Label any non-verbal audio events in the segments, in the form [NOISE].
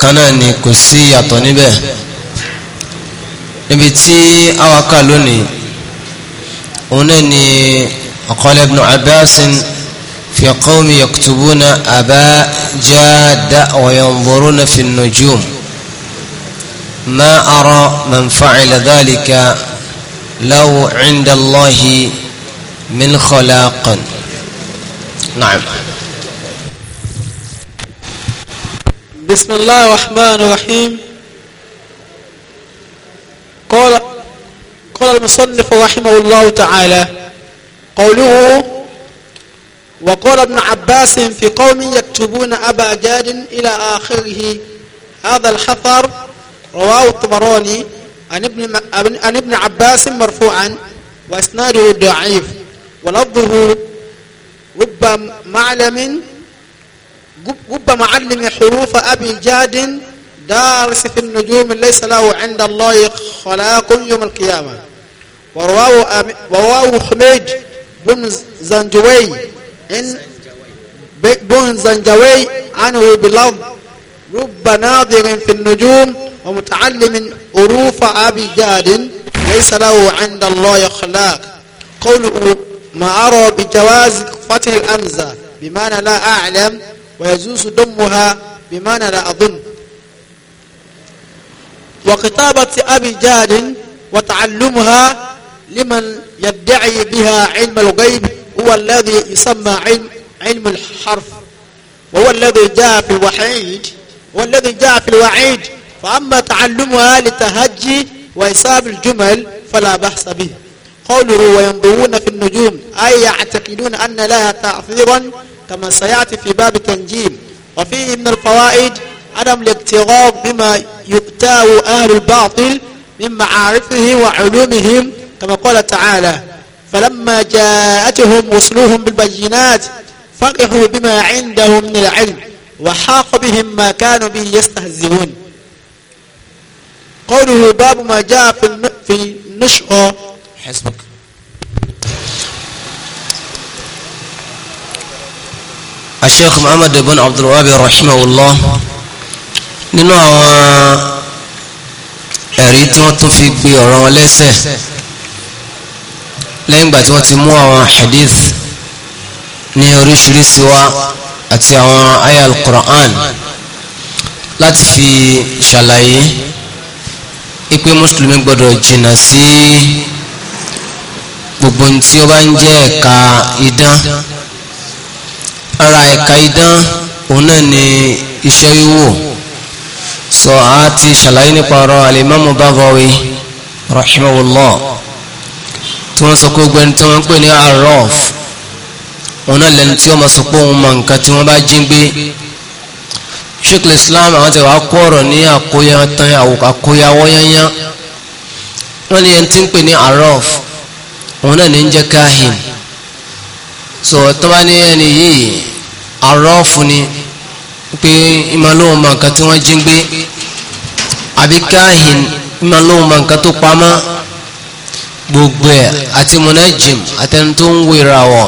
kaná ni kò sí yàtọ̀ níbẹ̀ níbi tí awaka lónìí òun náà ni ọ̀kọ́lẹ̀ ibn Abbas fi qawmi yaktubuna aba jada wa yanzuruna fi an-nujum ma ara man fa'ila dhalika law 'inda Allahi min khalaqin na'am بسم الله الرحمن الرحيم قال قال المصنف رحمه الله تعالى قوله وقال ابن عباس في قوم يكتبون أبا جاد إلى آخره هذا الحفر رواه الطبراني عن ابن, عن ابن عباس مرفوعا واسناده ضعيف ولفظه رب معلم قب معلم حروف أبي جاد دارس في النجوم ليس له عند الله خلاق يوم القيامة ورواه, ورواه حميد بن زنجوي إن بن زنجوي عنه بلفظ رب ناظر في النجوم ومتعلم أروف أبي جاد ليس له عند الله خلاق قوله ما أرى بجواز فتح الأمزة بمعنى لا أعلم ويجوز دمها بمعنى لا أظن وخطابة أبي جاد وتعلمها لمن يدعي بها علم الغيب هو الذي يسمى علم علم الحرف وهو الذي جاء في الوحيد والذي جاء في الوعيد فأما تعلمها لتهجي وإصاب الجمل فلا بحث به قوله وينظرون في النجوم أي يعتقدون أن لها تأثيرا كما سيأتي في باب التنجيم وفيه من الفوائد عدم الاكتظاظ بما يؤتاه أهل الباطل من معارفه وعلومهم كما قال تعالى فلما جاءتهم رسلهم بالبينات فرحوا بما عندهم من العلم وحاق بهم ما كانوا به يستهزئون قوله باب ما جاء في في النشأة حسبك asheikh muhammad ibn abdulwabi rahimahullah nínú àwọn ẹ̀rí tí wọ́n tún fi gbé ọ̀rọ̀ wọn lẹ́sẹ̀ lẹ́yìn ìgbà tí wọ́n ti mú àwọn hadith ní oríṣiríṣi wá àti àwọn aya al-Qur'an láti fi ṣàlàyé ipe mùsùlùmí gbọdọ̀ jìnnà sí gbogbo ohun tí ó bá ń jẹ́ ẹ̀ka idán ara ẹ̀ka idán òun náà ni iṣẹ́ wíwò sọ àá ti ṣàlàyé nípa ọ̀rọ̀ alimamu Baghawi rahimahullah tí wọ́n sọ pé gbẹni tí wọ́n ń pè ní arọ́f òun náà lẹni tí wọ́n máa sọ pé òun mọ nǹkan tí wọ́n bá jí ń gbé sheikh islam àwọn tẹ̀wá kó ọ̀rọ̀ ní àkóyawọ́ yányán wọ́n ní ẹni tí ń pè ní arọ́f òun náà ní ń jẹ́ káhìn so tó bá ní ẹni yìí àrọ́ fún ni pé ìmọ̀lóhùn mọ̀ nǹkan tí wọ́n jí ń gbé àbí káhìn ìmọ̀lóhùn mọ̀ nǹkan tó pamọ́ gbogbo ẹ̀ àti mọ̀nẹ́jìm àtẹni tó ń wo ìràwọ̀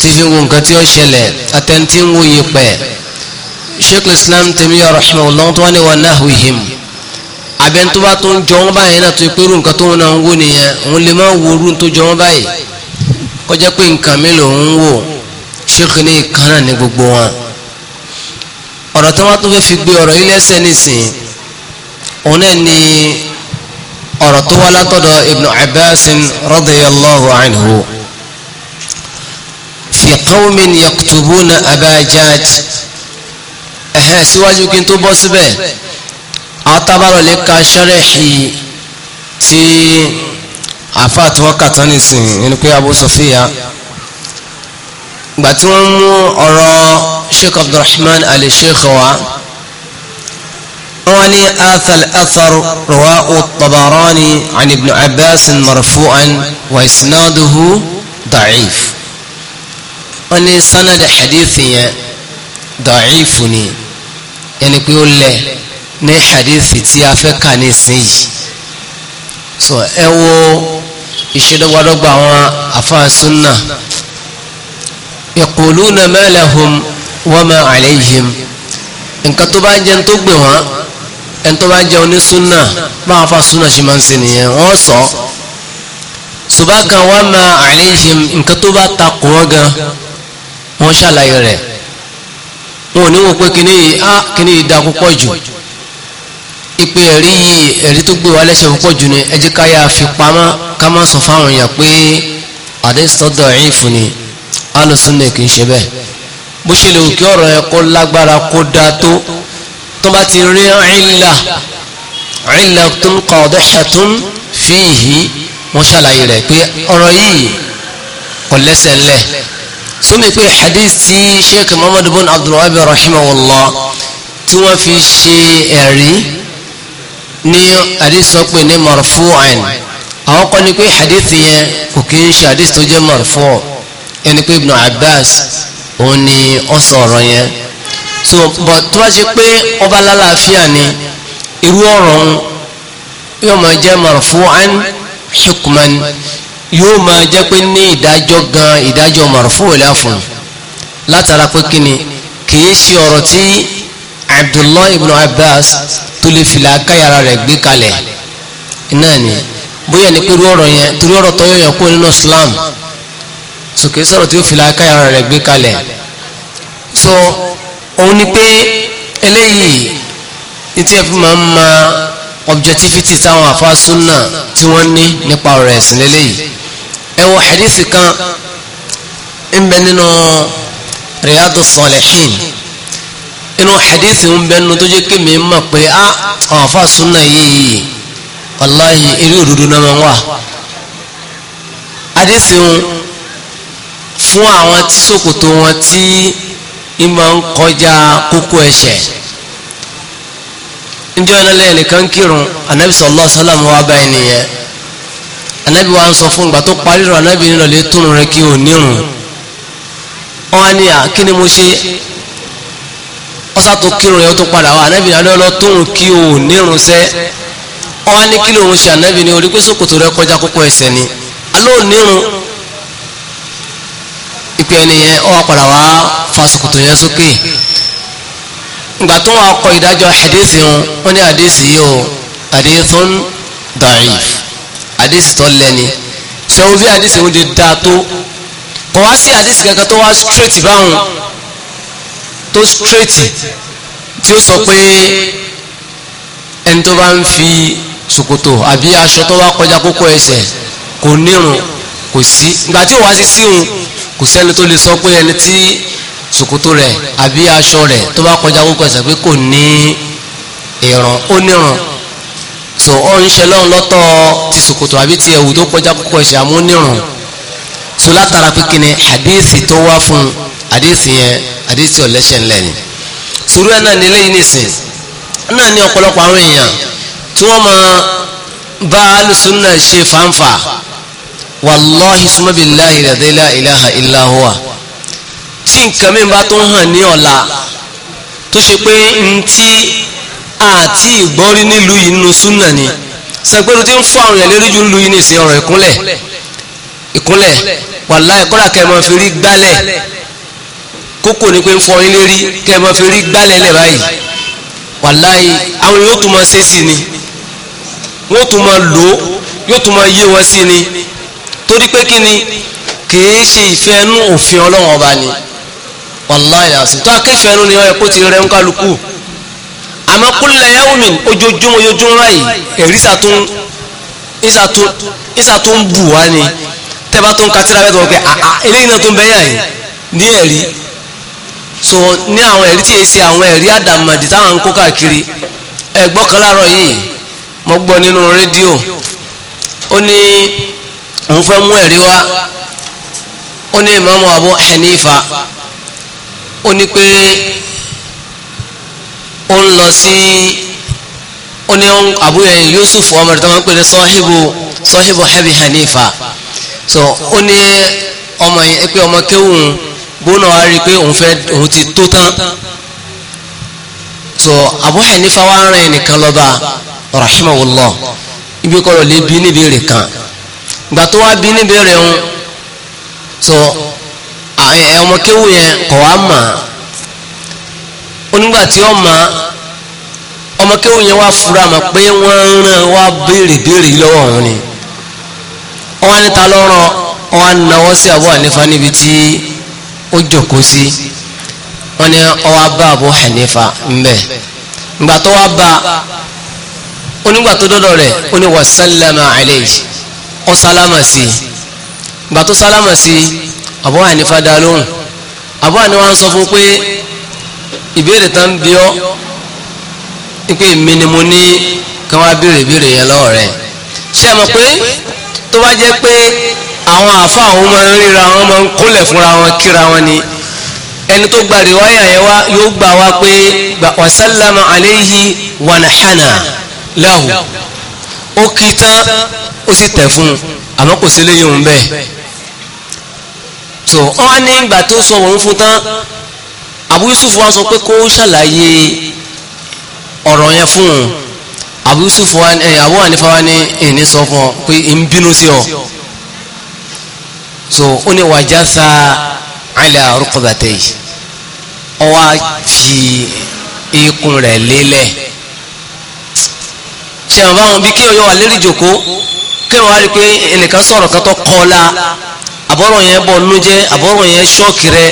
tí fi wo nǹkan tí ó ṣẹlẹ̀ àtẹni tí ń wo yẹpẹ̀ sheikh islam tèmíyà rahimahullah tó wà ní wa nahwihim abẹ́ni tó bá tó ń jọ wọn báyìí náà tó ń pẹ́rù nǹkan tó ń náà ń wò nìyẹn òun lè má wo orú tó jọ wọn báyìí kọjá pé nǹkan mi lòun ń wò ṣéèkì ní ìkan náà ní gbogbo wọn ọ̀rọ̀ tí wọ́n tún fẹ́ fi gbé ọ̀rọ̀ yìí lẹ́sẹ̀ nísìn òun náà ni ọ̀rọ̀ tó wá látọ̀dọ̀ ibn abbas radiyallahu anhu fi qawmin yaktubuna abajad ẹ̀hẹ́ síwájú kí n tó bọ́ síbẹ̀ àwọn lè ka sharhi ti àfa tí wọ́n kàtá nìsín ẹni pé Abu Sofiya gbà tí wọ́n mú ọ̀rọ̀ Sheikh Abdulrahman Ali Sheikh wa wọ́n ní athal athar ruwa utabarani an ibn Abbas marfu'an wa isnaduhu da'if wọ́n ní sanad hadith yẹn da'if ni ẹni pé ó lẹ̀ ní hadithi tí a fẹ́ kà nísìnyí so ẹ wo ìṣedọ́gbàdọ́gba àwọn afáàsúnà yaquluna ma lahum wa ma alayhim nǹkan tó bá ń jẹun tó gbè wọ́n ẹni tó bá ń jẹun ní súnà báwọn afáàsúnà ṣe máa ń ṣe nìyẹn wọ́n sọ subaka wa ma alayhim nǹkan tó bá takò wọ́n gan wọ́n ṣàlàyé rẹ̀ wọn ò ní wọn pé kíní yìí á ah, púpọ̀ jù ipe ẹ̀rí yìí ẹ̀rí tó gbé wa lẹ́sẹ̀ púpọ̀ jù ni ẹ jẹ́ ká yá fi pamọ́ ká má sọ fáwọn èèyàn pé àdéṣọ́dọ̀ ẹ̀yìn fún ni alùsùn kì í ṣe bẹ́ẹ̀ bó ṣe lè kí ọ̀rọ̀ yẹn kó lágbára kó dáa tó tó bá ti rí ìlà ìlà tó ń kọ̀ ọ̀dọ́ṣà tó fi yìí wọ́n ṣàlàyé rẹ̀ pé ọ̀rọ̀ yìí kò lẹ́sẹ̀ ńlẹ̀ sómi pé hadith sheikh muhammadu bin abdulwahab rahimahullah tí wọ́n fi ṣe ẹ̀rí ní àdìsàn pè ní marfu'an àwọn kọ́ ni pé hadith yẹn kò kí ń ṣe hadith tó jẹ́ marfu' ẹni pé ibn abbas òun ni ó sọ ọ̀rọ̀ yẹn so but tó bá ṣe pé ọba lálàáfíà ni irú ọ̀rọ̀ ń yóò máa jẹ́ marfu'an hukman yóò máa jẹ́ pé ní ìdájọ́ gan ìdájọ́ marfu' láfún látara pé kíni kì í ṣe ọ̀rọ̀ tí abdullahi ibn abbas tó lè fìlà káyàrá rẹ̀ gbé kalẹ̀ náà ni bóyá ní pẹ̀lú ọ̀rọ̀ yẹn torí ọ̀rọ̀ tó yọ̀yàn kó nínú islam sòkè sọ̀rọ̀ tí ó fìlà káyàrá rẹ̀ gbé kalẹ̀ so òun ni pé eléyìí ní tí ẹ fi máa ń ma objectivity táwọn àfa súnà tí wọ́n ní nípa ọ̀rọ̀ ẹ̀sìn lélẹ́yìí ẹ wo hadith kan ń bẹ nínú riyadu salihin inú hadith ń bẹnu tó jẹ́ kémi ń mọ̀ pé á ah, àwọn afa súnà yìí wàláyé eré òdodo náà máa ń wà hadith ń fún àwọn tí ṣòkòtò wọn tí ń máa ń kọjá kókó ẹsẹ̀ njẹ́ ọ̀nà lẹ́yìn nìkan kírun anabi sallallahu alaihi wasallam wa báyìí nìyẹn anabi wa ń sọ fún ìgbà tó parí rọ anabi nílò lè túnú rẹ kí o nírun wọn á ní à kí ni mo ṣe ọsà tó kírun yẹn ó tún padà wá ànábì náà lọ́lọ́ tóun kí òun nírun sẹ́ ọwọ́ ní kí lòun ṣe ànábì ní orí pé sòkòtò rẹ kọjá kókó ẹsẹ̀ ni aló nírun ìpè ẹni yẹn ọwọ́ padà wá fa sòkòtò yẹn sókè ìgbà tó wọn kọ ìdájọ́ hadisi wọn wọn ní hadisi yìí o hadithun da'if hadisi tó lẹ́ni sọ wọn bí hadisi wọn di dáa tó kọ wá sí hadisi kankan tó wá straight báwọn tó straight tí ó sọ pé ẹni tó bá ń fi ṣòkòtò àbí aṣọ tó wá kọjá kókó ẹsẹ̀ kò nírun kò sí ìgbà tí ò wá sí síhun kò sẹ́ni tó lè sọ pé ẹni tí ṣòkòtò rẹ̀ àbí aṣọ rẹ̀ tó bá kọjá kókó ẹsẹ̀ pé kò ní ìrun ó nírun so ọ ń ṣe lọ́run lọ́tọ̀ ti ṣòkòtò àbí ti ẹ̀wù tó kọjá kókó ẹsẹ̀ àmú nírun so látara pé kíni hadithi tó wá fún un àdéhìsì yẹn àdéhìsì ọ̀lẹ́sẹ̀ ńlẹ̀ ni sùúrù ẹ̀ náà ní eléyìí nìsín náà ní ọ̀pọ̀lọpọ̀ àwọn èèyàn tí wọ́n máa bá alùsùnà ṣe fàǹfà wàlọ́hì sùmọ́bìláhì rẹ̀dẹ́lá ìlàhà ìlàhùwà tí nǹkan mi bá tó hàn ní ọ̀la tó ṣe pé n tí àti ìgbọ́nrí nílùú yìí nínú súnà ni sẹgbẹ́rú tí ń fọ́ àwọn èèyàn lérí jù nílùú yìí nìsín ọ̀rọ̀ ìkúnlẹ̀ ìkúnlẹ̀ wàlá ẹ̀kọ́ra kẹ́ máa fi rí gbálẹ̀ kókò ní pé ń fọ yín lérí kẹ́ ẹ máa fi rí gbálẹ̀ lẹ̀ báyìí wàláyé àwọn yóò tún máa ṣe sí ni wọ́n tún máa lò ó yóò tún máa yé wọn sí ni torí pé kí ni kìí ṣe ìfẹ́ ẹnu òfin ọlọ́wọ́n ọba ni wàláyé àṣetọ́ akẹ́fẹ́ ẹnu ni ọ̀yẹ́ kó ti rẹ̀ ń kálukú àmọ́ kúlẹ̀ yẹ́wùmí ojoojúmọ́ ojoojúmọ́ báyìí ẹ̀rí sàtún ìsàtún bù wá ni tẹ́ bá tó ń ka tíra bẹ́ẹ̀ eléyìí náà tó ń bẹ́yà yìí ní ẹ̀rí so ní àwọn ẹ̀rí tí èsì àwọn ẹ̀rí àdàmàdì táwọn ń kó káàkiri ẹ̀gbọ́n kan láàárọ̀ yìí mo gbọ́ nínú rédíò ó ní òun Abu Hanifa ó ní pé ó ń lọ sí ó ní Yusuf ọmọ rẹ̀ tó máa ń pè Hanifa so ó ní ọmọ yẹn pé ọmọ òun náà wá rí i pé òun fẹ́ òun ti tó tán so Abu Hanifa wa rìn nìkan lọ́ba ibi kọ́ ló lè bí níbi rè kan gbà tó wá bí níbi rè ń so ọmọ kéwù yẹn kọ̀ wá mà onígbà tí ó mà ọmọ kéwù fura mà pé wọ́n ń rán wá béèrè béèrè lọ́wọ́ òun ni wọ́n níta lọ́rọ̀ wọ́n náwó sí ó jòkó sí wọ́n ní ọwọ́ bá Abu Hanifa ńbẹ̀ ńgbà tó wá bá onígbà tó rẹ̀ ó ní wà sálámà alayhi ó sálámà sí tó sálámà sí Abu Hanifa dá lóhùn Abu Hanifa sọ fún pé ìbéèrè tán bí ọ́ pé èmi ni mo ní kí wọ́n á béèrè ìbéèrè yẹn rẹ̀ ṣé ẹ pé tó pé àwọn àfa àwọn máa ń ríra wọn máa ń kólẹ̀ fúnra wọn kíra wọn ni ẹni tó gba rìwáyà yẹn wá yóò gbà wá pé wàsálàmù alayhi wànàhánà lahu ó kí tán ó sì tẹ̀ fún un àmọ́ kò sí léyìn òun bẹ́ẹ̀ so wọn á ní ìgbà tó sọ òun fún tán Abu Yusuf wa sọ pé kó ṣàlàyé ọ̀rọ̀ yẹn fún un Abu Yusuf wa ẹ̀ eh, Abu Hanifa wa ní sọ fún ọ pé ń bínú sí ọ so ó ní wàjásá àlẹ́ àrùkọ̀bàtẹ́ yìí ó wá fi ikùn rẹ̀ lélẹ̀ ṣe àwọn báwọn bí kéèyàn yọ wà lérí jòkó pé ẹnìkan sọ̀rọ̀ kan tó kọ́ yẹn bọ̀ nínú jẹ́ yẹn ṣọ́ọ̀kì rẹ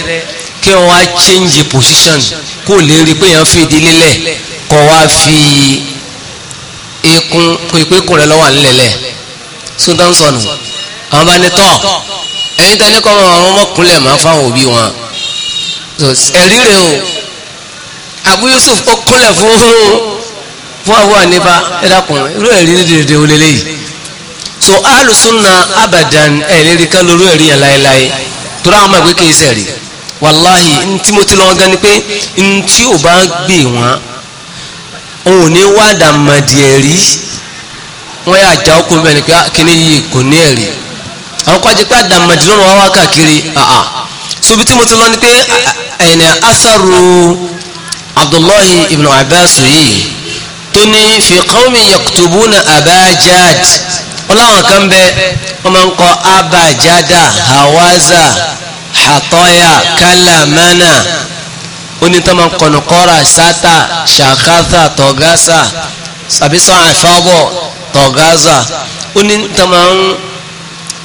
kéèyàn wá change position kó lè rí i pé èèyàn fìdí lélẹ̀ kọ́ wá fi ikùn kó ìpékùn rẹ̀ lọ́wọ́ ànilẹ̀lẹ̀ sódà ń sọnù àwọn bá ní tọ́ ẹni tẹ́ ní kọ́ àwọn ọmọkùnlẹ̀ máa fáwọn òbí wọn ẹ̀rí rẹ̀ o Abu Yusuf ó kúnlẹ̀ fún fún Abu Hanifa ẹ̀dàkùn irú ẹ̀rí dèdè olélẹ́ yìí so alùsùnà abadan ẹ̀rí kan lórí ẹ̀rí yẹn láéláé tó dáhùn máa gbé kí n sẹ̀rí wàláhì ntí mo ti lọ́wọ́ gan ni pé ntí ò bá gbé wọn òun ò ní wá wọ́n yà já ọkùnrin bẹ́ẹ̀ ni pé ah, kíní yìí kò ní ẹ̀rí àwọn kọ́ ajẹ́ pé àdàm wá wá káàkiri àà ah, ah. sobi tí mo ti lọ ni pé ẹ̀yìn asaru abdullahi ibn abbas yìí tó ní fi qawmi yaktubuna abajad wọn láwọn kan bẹ wọn máa ń kọ abajada hawaza hatoya kalamana onítọ́mọ kọ̀nùkọ́ra sátà ṣàkátà tọ̀gásà àbísọ̀ àfábọ̀ tọ̀gásà onítọ́mọ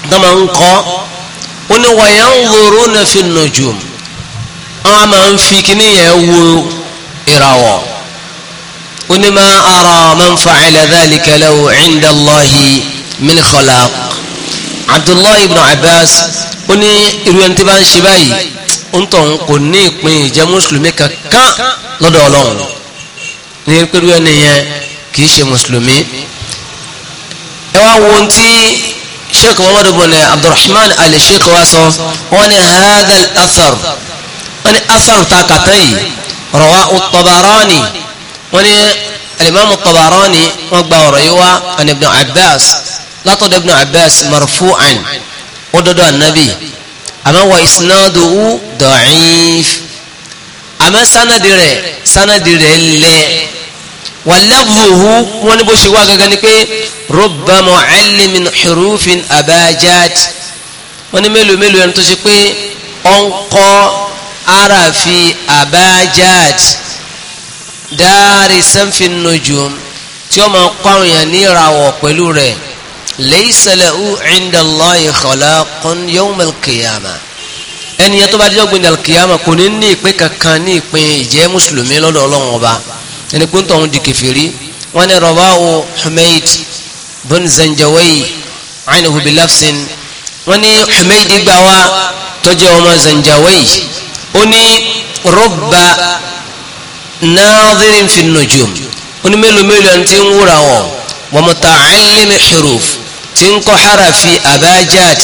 dama ń kọ́ ó ní wàyà ń wòrò náà fi nujum àwọn a máa ń fi kíní yẹn wo ìràwọ̀ ó ní ma ara man fa'ala dhalika lahu inda Allahi min khalaq Abdullahi ibn Abbas ó ní irú ẹni tí bá ń ṣe báyìí ní ìpín ìjẹ́ mùsùlùmí kankan lọ́dọ̀ Ọlọ́run ní pẹ̀lú ẹni kì í ṣe mùsùlùmí ẹ wá wo ohun sheikh muhammad bin abdulrahman ali sheikh wa sọ wọn ni hadha al-athar wọn ni athar ta kàtá yìí rawahu at-tabarani wọn ni alimami at-tabarani wọn gba ọ̀rọ̀ yìí wá an ibn abbas látọ̀dọ̀ ibn abbas marfu'an wọn dọdọ anabi àmọ́ wa isnaduhu da'if àmọ́ sanadi rẹ̀ sanadi rẹ̀ lẹ́ẹ̀ wà lafzuhu wọ́n ní bó ṣe wá gangan ni pé rubba mu'allimin hurufin abajad wọ́n ní mélòó mélòó ẹni tó ṣe pé ó ń kọ́ arafi abajad darisan fin nujum tí ó máa kọ́ àwọn èèyàn ní ìràwọ̀ pẹ̀lú rẹ̀ laysa lahu inda Allahi khalaqun yawmal qiyamah ẹnìyẹn tó bá dé ọgbìn dàlùkìyàmà kò ní ní ìpín kankan ní ìpín ìjẹ́ mùsùlùmí lọ́dọ̀ ọlọ́run ọba ẹni pé ń tọ̀hún di kẹfìrí wọn ni rawahu Humayd bin Zanjawi anhu bi lafsin wọn ni Humayd gbà wá tọ́jú ọmọ Zanjawi ó ní rubba naadhirin fi nujum ó ní mélòó mélòó ẹni tí ń wúra wọn wa muta'allim huruf tí ń kọ́ harafi abajad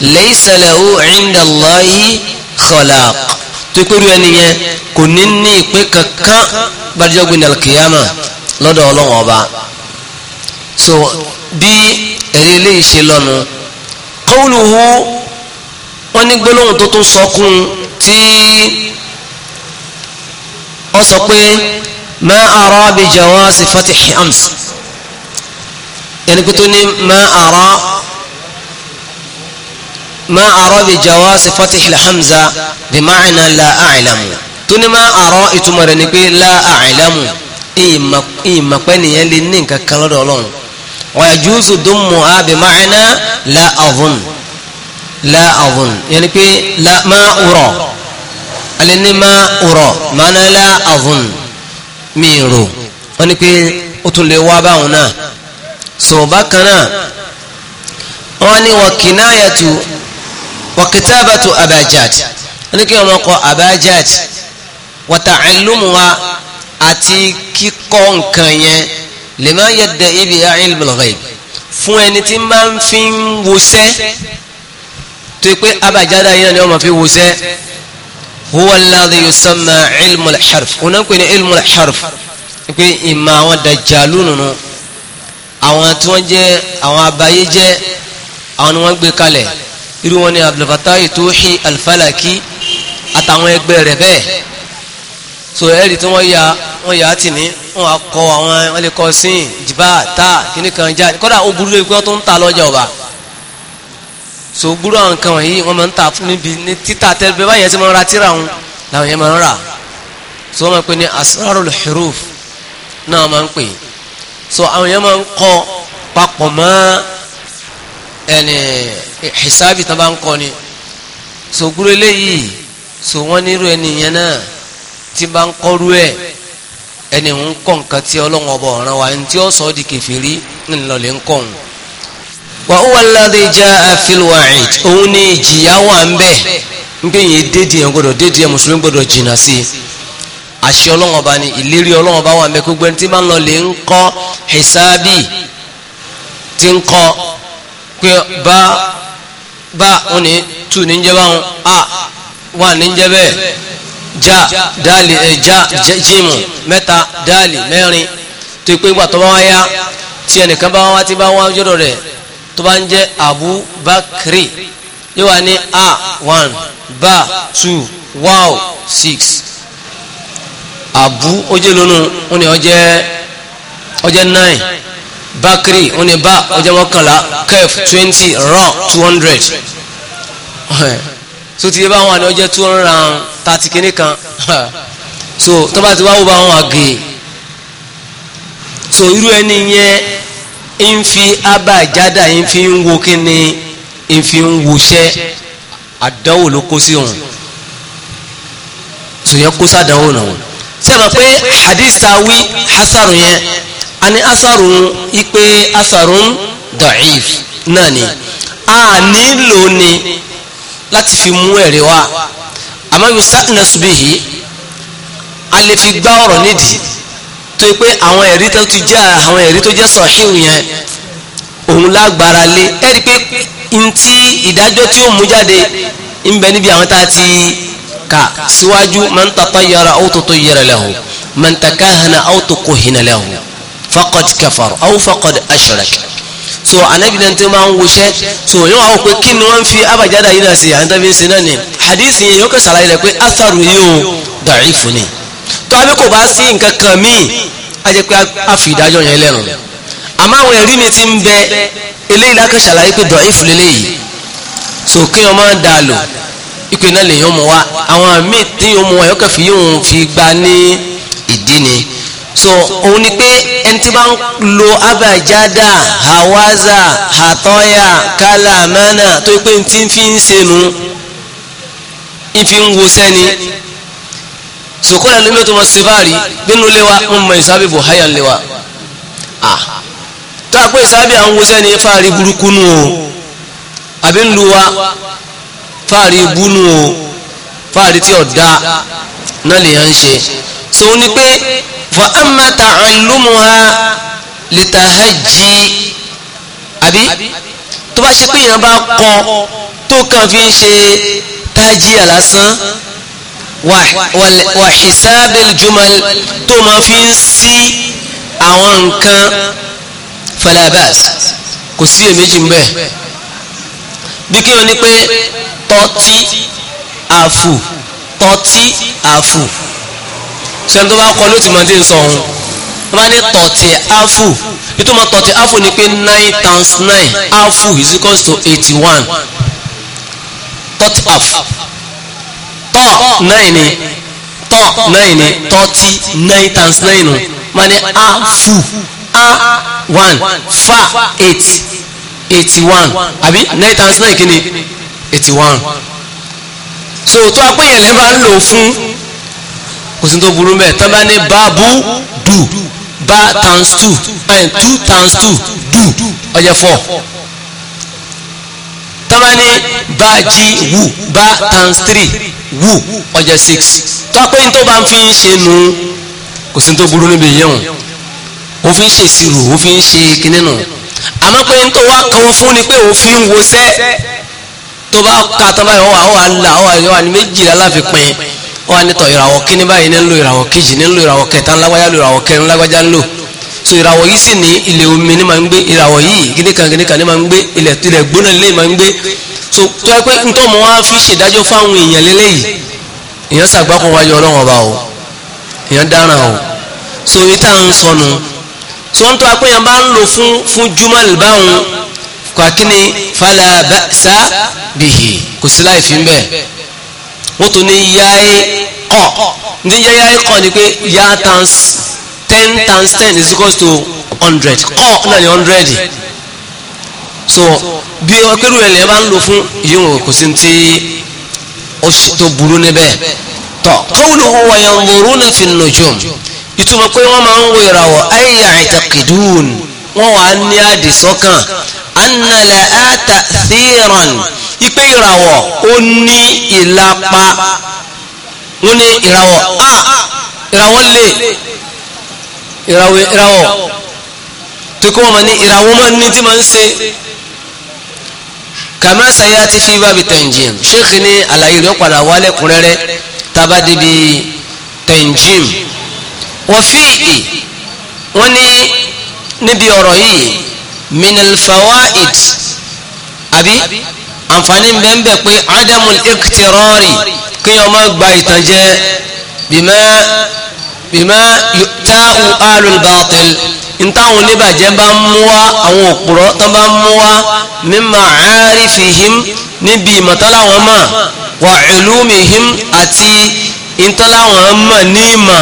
laysa lahu inda Allahi khalaq tó kúrú ẹni yẹn kò ní ní ìpín kankan bàdíjọ́ gbé nàlẹ́ kìyàmà lọ́dọ̀ ọlọ́run ọba so bí ẹ̀rí eléyìí ṣe lọ́nu qawluhu wọ́n ní gbólóhùn tó tún sọkún tí ó sọ pé ma ara bi jawazi fatih ams yẹni pé tó ní ma ara ma ara bi jawazi fatih alhamza bi ma'na la a'lamu tó ní máa àrọ́ ìtumọ̀ rẹ̀ ni pé la àìlámù ìmọ̀pẹ́ nìyẹn lè ní nǹkan kan lọ́dọ̀ ọlọ́run wa yajuzu dummuha bi ma'na la adhun la adhun yẹn ni pé la máa ọ̀rọ̀ alẹ́ ní máa ọ̀rọ̀ ma'na la adhun mi rò wọ́n ni pé ó tún lè wá wa kinayatu wa kitabatu abajad wọ́n ni kí wọ́n abajad wa ta'allumuha àti kíkọ́ nǹkan yẹn liman yadda'i biha ilmul ghaib fún ẹni tí máa ń fi ń wosẹ́ tó pé abàjáde yẹn ni wọ́n máa fi wosẹ́ huwa alladhi yusamma ilmul harf òun náà ń pè ní ilmul harf pé ìmọ̀ àwọn dàjálù nùnú àwọn tí wọ́n jẹ́ àwọn abayé jẹ́ àwọn ni wọ́n gbé kalẹ̀ irú wọn ni abdulfatah ituhi alfalaki àtàwọn ẹgbẹ́ rẹ̀ bẹ́ẹ̀ so ẹ̀rí tí wọ́n ya wọ́n ya tì ní wọ́n á kọ àwọn wọ́n lè kọ sín jìbá tá kíní kan já kódà ó burú lóko tó ń ta lọ́jà ọba so burú àwọn nǹkan wọ̀nyí wọ́n máa ń ta níbi ní títà tẹ́lẹ̀ báyìí yẹn ti máa ra tíra wọn làwọn yẹn máa ń rà so wọ́n máa ń pè ní asrarul huruf náà máa ń pè so àwọn yẹn máa ń kọ papọ̀ mọ́ ẹni hisabi tán bá ń kọ ni so burú eléyìí so wọ́n nírú ẹni yẹn náà. tí n bá ń kọ́rú ẹ̀ ẹni ń ọba ọ̀ràn wa ẹni tí ó sọ ọ́ di kẹfìrí ńlọlẹ̀ ń kọ́ òun. wà ó wà ládé já àfihàn òun ni ìjìyà wà ń bẹ̀ nígbà yẹn dédìí yẹn gbọdọ̀ dédìí yẹn mùsùlùmí gbọdọ̀ jìnnà sí i àṣẹ ọba ni ìlérí ọba wà ń bẹ ń ń a wà ní já dáàlì já jíìmù mẹ́ta dáàlì mẹ́rin tó pé gbà tó bá wá yá tí ẹnìkan bá wá tí bá wá jọ̀rọ̀ rẹ̀ tó bá ń jẹ́ abubakri yóò wá ní a one ba two wow six abu ojú lónú wọn ni ọjẹ́ ọjẹ́ nine bakri wọn ni ba ọjẹ́ mọ́kànlá kef twenty ra two hundred so ti yé báwọn àná jẹ́ two hundred and thirty kìíní kan [LAUGHS] so tó bá ti wá wò báwọn àgè so irú ẹni yẹn ń fi abàjádà ń fi ń wo kíni ń fi ń woṣẹ́ àdánwò ló kó sí òun sòyẹn kó sádánwò náà sẹ́mi pé hadisawi hasaru yẹn ani asaru ipe asarun da'if náà ni a nílò ni láti fi mú ẹ̀rí wá àmọ́ yusa nasubihi a lè fi gbá ọ̀rọ̀ nídìí tó yẹ pé àwọn ẹ̀rí tó ti jẹ́ àwọn ẹ̀rí tó jẹ́ sọ̀híù yẹn òun lágbára lé ẹ̀rí pé ntí ìdájọ́ tí ó mú jáde ń bẹ níbi àwọn tá a ti kà síwájú man tatayyara aw tutayyara lahu man takahana aw tukuhina lahu faqad kafara aw faqad ashraka so anabi náà tó máa ń wuṣẹ́ so yóò wá wò pé kí ni wọ́n fi abajada yìí náà ṣe àwọn tẹ́bí ń ṣe náà ni hadith yẹn yóò kẹ́ sàlàyé rẹ̀ pé asaru yìí o da'ifun ni tó a bí kò bá sí nǹkan kan míì a jẹ́ pé a fi ìdájọ́ yẹn lẹ́nu àmọ́ àwọn ẹ̀rí mi ti ń bẹ eléyìí lákẹ́ sàlàyé pé da'if lélẹ́yìí so kí wọ́n máa dà lò ìpè náà lè yọ̀ mọ́ wa àwọn míì tí yọ̀ mọ́ wa yọ̀ kẹ́ fi yóò fi gba ní ìdí ni so òun ni pé ẹni tí bá ń lo abajada hawaza hatoya kalamana tó pé n ti fi ń senu n fi ń wo sẹ́ni sokola lómi tó mọ sefari nínú lewa wọn mọ ìsábì bò háyà lewa ah tó a pé ìsábì à ń wo sẹ́ni fáàrí burúkú nù o àbí ń lu wa fáàrí bú nù o fáàrí tí ọ̀ náà lè yàn ń ṣe so òun ni pé. فأما تعلمها لتهجي أبي تبا شكوين باقو توكا في شيء تهجي الأسن وحساب الجمل توما في سي أوانكا فلا بأس كسي ميجي به bí kí o ní pé tọ́tí àfù tọ́tí àfù sẹ́ni tó bá kọ́ ló ti máa ti ń sọ òun tó bá ní tọ̀tì áfù ìtumọ̀ tọ̀tì áfù ni pé nine times nine áfù is equal to eighty one tọ̀tì áfù tọ̀ nine ni tọ̀ nine ni tọ̀tì nine times nine nù máa ní áfù á one fa eight eighty one àbí nine times nine kí ni eighty one so tó apẹ́yẹlẹ́ bá ń lò fún kò sí tó burú mẹ́ tán bá ní báàbù dù bá times two and eh, two times two dù ọjọ́ four tán bá ní báàjì wù bá times three wù ọjọ́ six tó pé ní tó bá ń fi ń ṣe nù kò sí tó burú níbi yẹn o fi ń ṣe ìṣirò o fi ń ṣe kinní nù àmọ́ pé ní tó wá kan fún ni pé òfin wo sẹ́ tó bá ka tán báyìí wọ́n wà wọ́n wà ń là wọ́n wà ní méjìlá láfi pin wọ́n á ní tọ̀ ìràwọ̀ kíní báyìí ní ń lò ìràwọ̀ kejì ní ń lò ìràwọ̀ kẹta ńlágbájá lò ìràwọ̀ kẹrin ńlágbájá ń so ìràwọ̀ yìí sì ní ilẹ̀ omi ní máa ń gbé ìràwọ̀ yìí gíníkan gíníkan ní máa ń gbé ilẹ̀ tilẹ̀ gbóná lé máa ń gbé so tó yẹ pé ntọ́ mọ fi ṣèdájọ́ fáwọn èèyàn lélẹ́yìí èèyàn sàgbákan wájú ọlọ́wọ́n ọba o èèyàn dáràn o so èyí tá à ń sọnù so ń tọ́ apẹ́yàn bá fala ba'sa bihi kò wọ́n tún ní yáé kọ́ ní yáé kọ́ ni pé yá times ten times ten is equals to hundred kọ́ náà ni hundred so bí ọkẹ́rù ẹ̀lẹ́ bá ń lò fún yíwọ̀n kò sí ti ó tó burú níbẹ̀ tọ́ kọ́wùlù wa yanzuruna fi nujum ìtumọ̀ pé wọ́n máa ń wo ìràwọ̀ ay ya'taqidun wọ́n wà á ní àdìsọ́kàn annala ta'thiran ipe ìràwọ̀ ó ní ìlapa wọ́n ní ìràwọ̀ a ah, ìràwọ̀ lè ìràwọ̀ ìràwọ̀ tó kọ́ wọn ní ìràwọ̀ máa ní tí máa ń ṣe kàmá sayá ti fi bá bi tẹ̀njìm sheikh ní àlàyé rẹ̀ padà wálẹ̀ kúnrẹ́rẹ́ tába débi tẹ̀njìm wọ́n fi ì wọ́n ní níbi ọ̀rọ̀ yìí minal fawaid àbí àǹfààní bẹ́ẹ̀ pé adamul ikitirori kí wọ́n máa gba ìtànjẹ bímọ bímọ táwù alùbàtìl ntáwọn oníbàjẹ́ bá ń mú wa àwọn òpùrọ́ tó bá ń mú wa mímọ àárífìhìm níbi ìmọ̀tọ́láwọn mọ̀ wà ìlúmìhìm àti ìtọ́láwọn mọ̀ ní ìmọ̀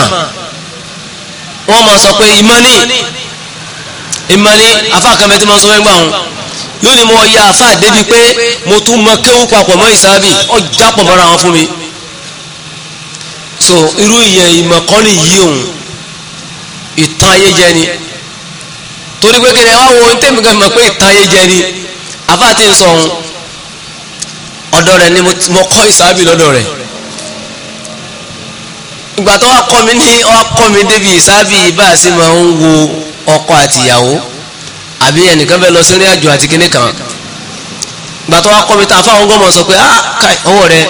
wọ́n máa sọ pé ìmọ̀ ní ìmọ̀ ní afáàkàmẹ́tí máa sọ fẹ́ wọn yóò ní mo ya àfáà débi pé mo tún mọ kéwú papọ̀ mọ́ ìsáábì ọjà pọ̀ mọ́ra wọn fún mi so irú ìyẹn ìmọ̀kọ́ni yìí òun ìtàn ayé jẹ ni torí pé kíni àwọn ohun tẹ́mi kan mọ̀ pé ìtàn ayé jẹ ni àfáà ti ń sọ òun ọ̀dọ̀ rẹ̀ ni mo kọ́ ìsáábì lọ́dọ̀ rẹ̀ ìgbà tó wá kọ́ mi ní wá mi débi ìsáábì bá a sì máa ń wo ọkọ àtìyàwó àbí ẹnìkan fẹ́ lọ sí rìn àjò àti kinní kan gbà tó wá kọ́ mi tá fáwọn gọ́mọ̀ sọ pé ah káì ọwọ́ rẹ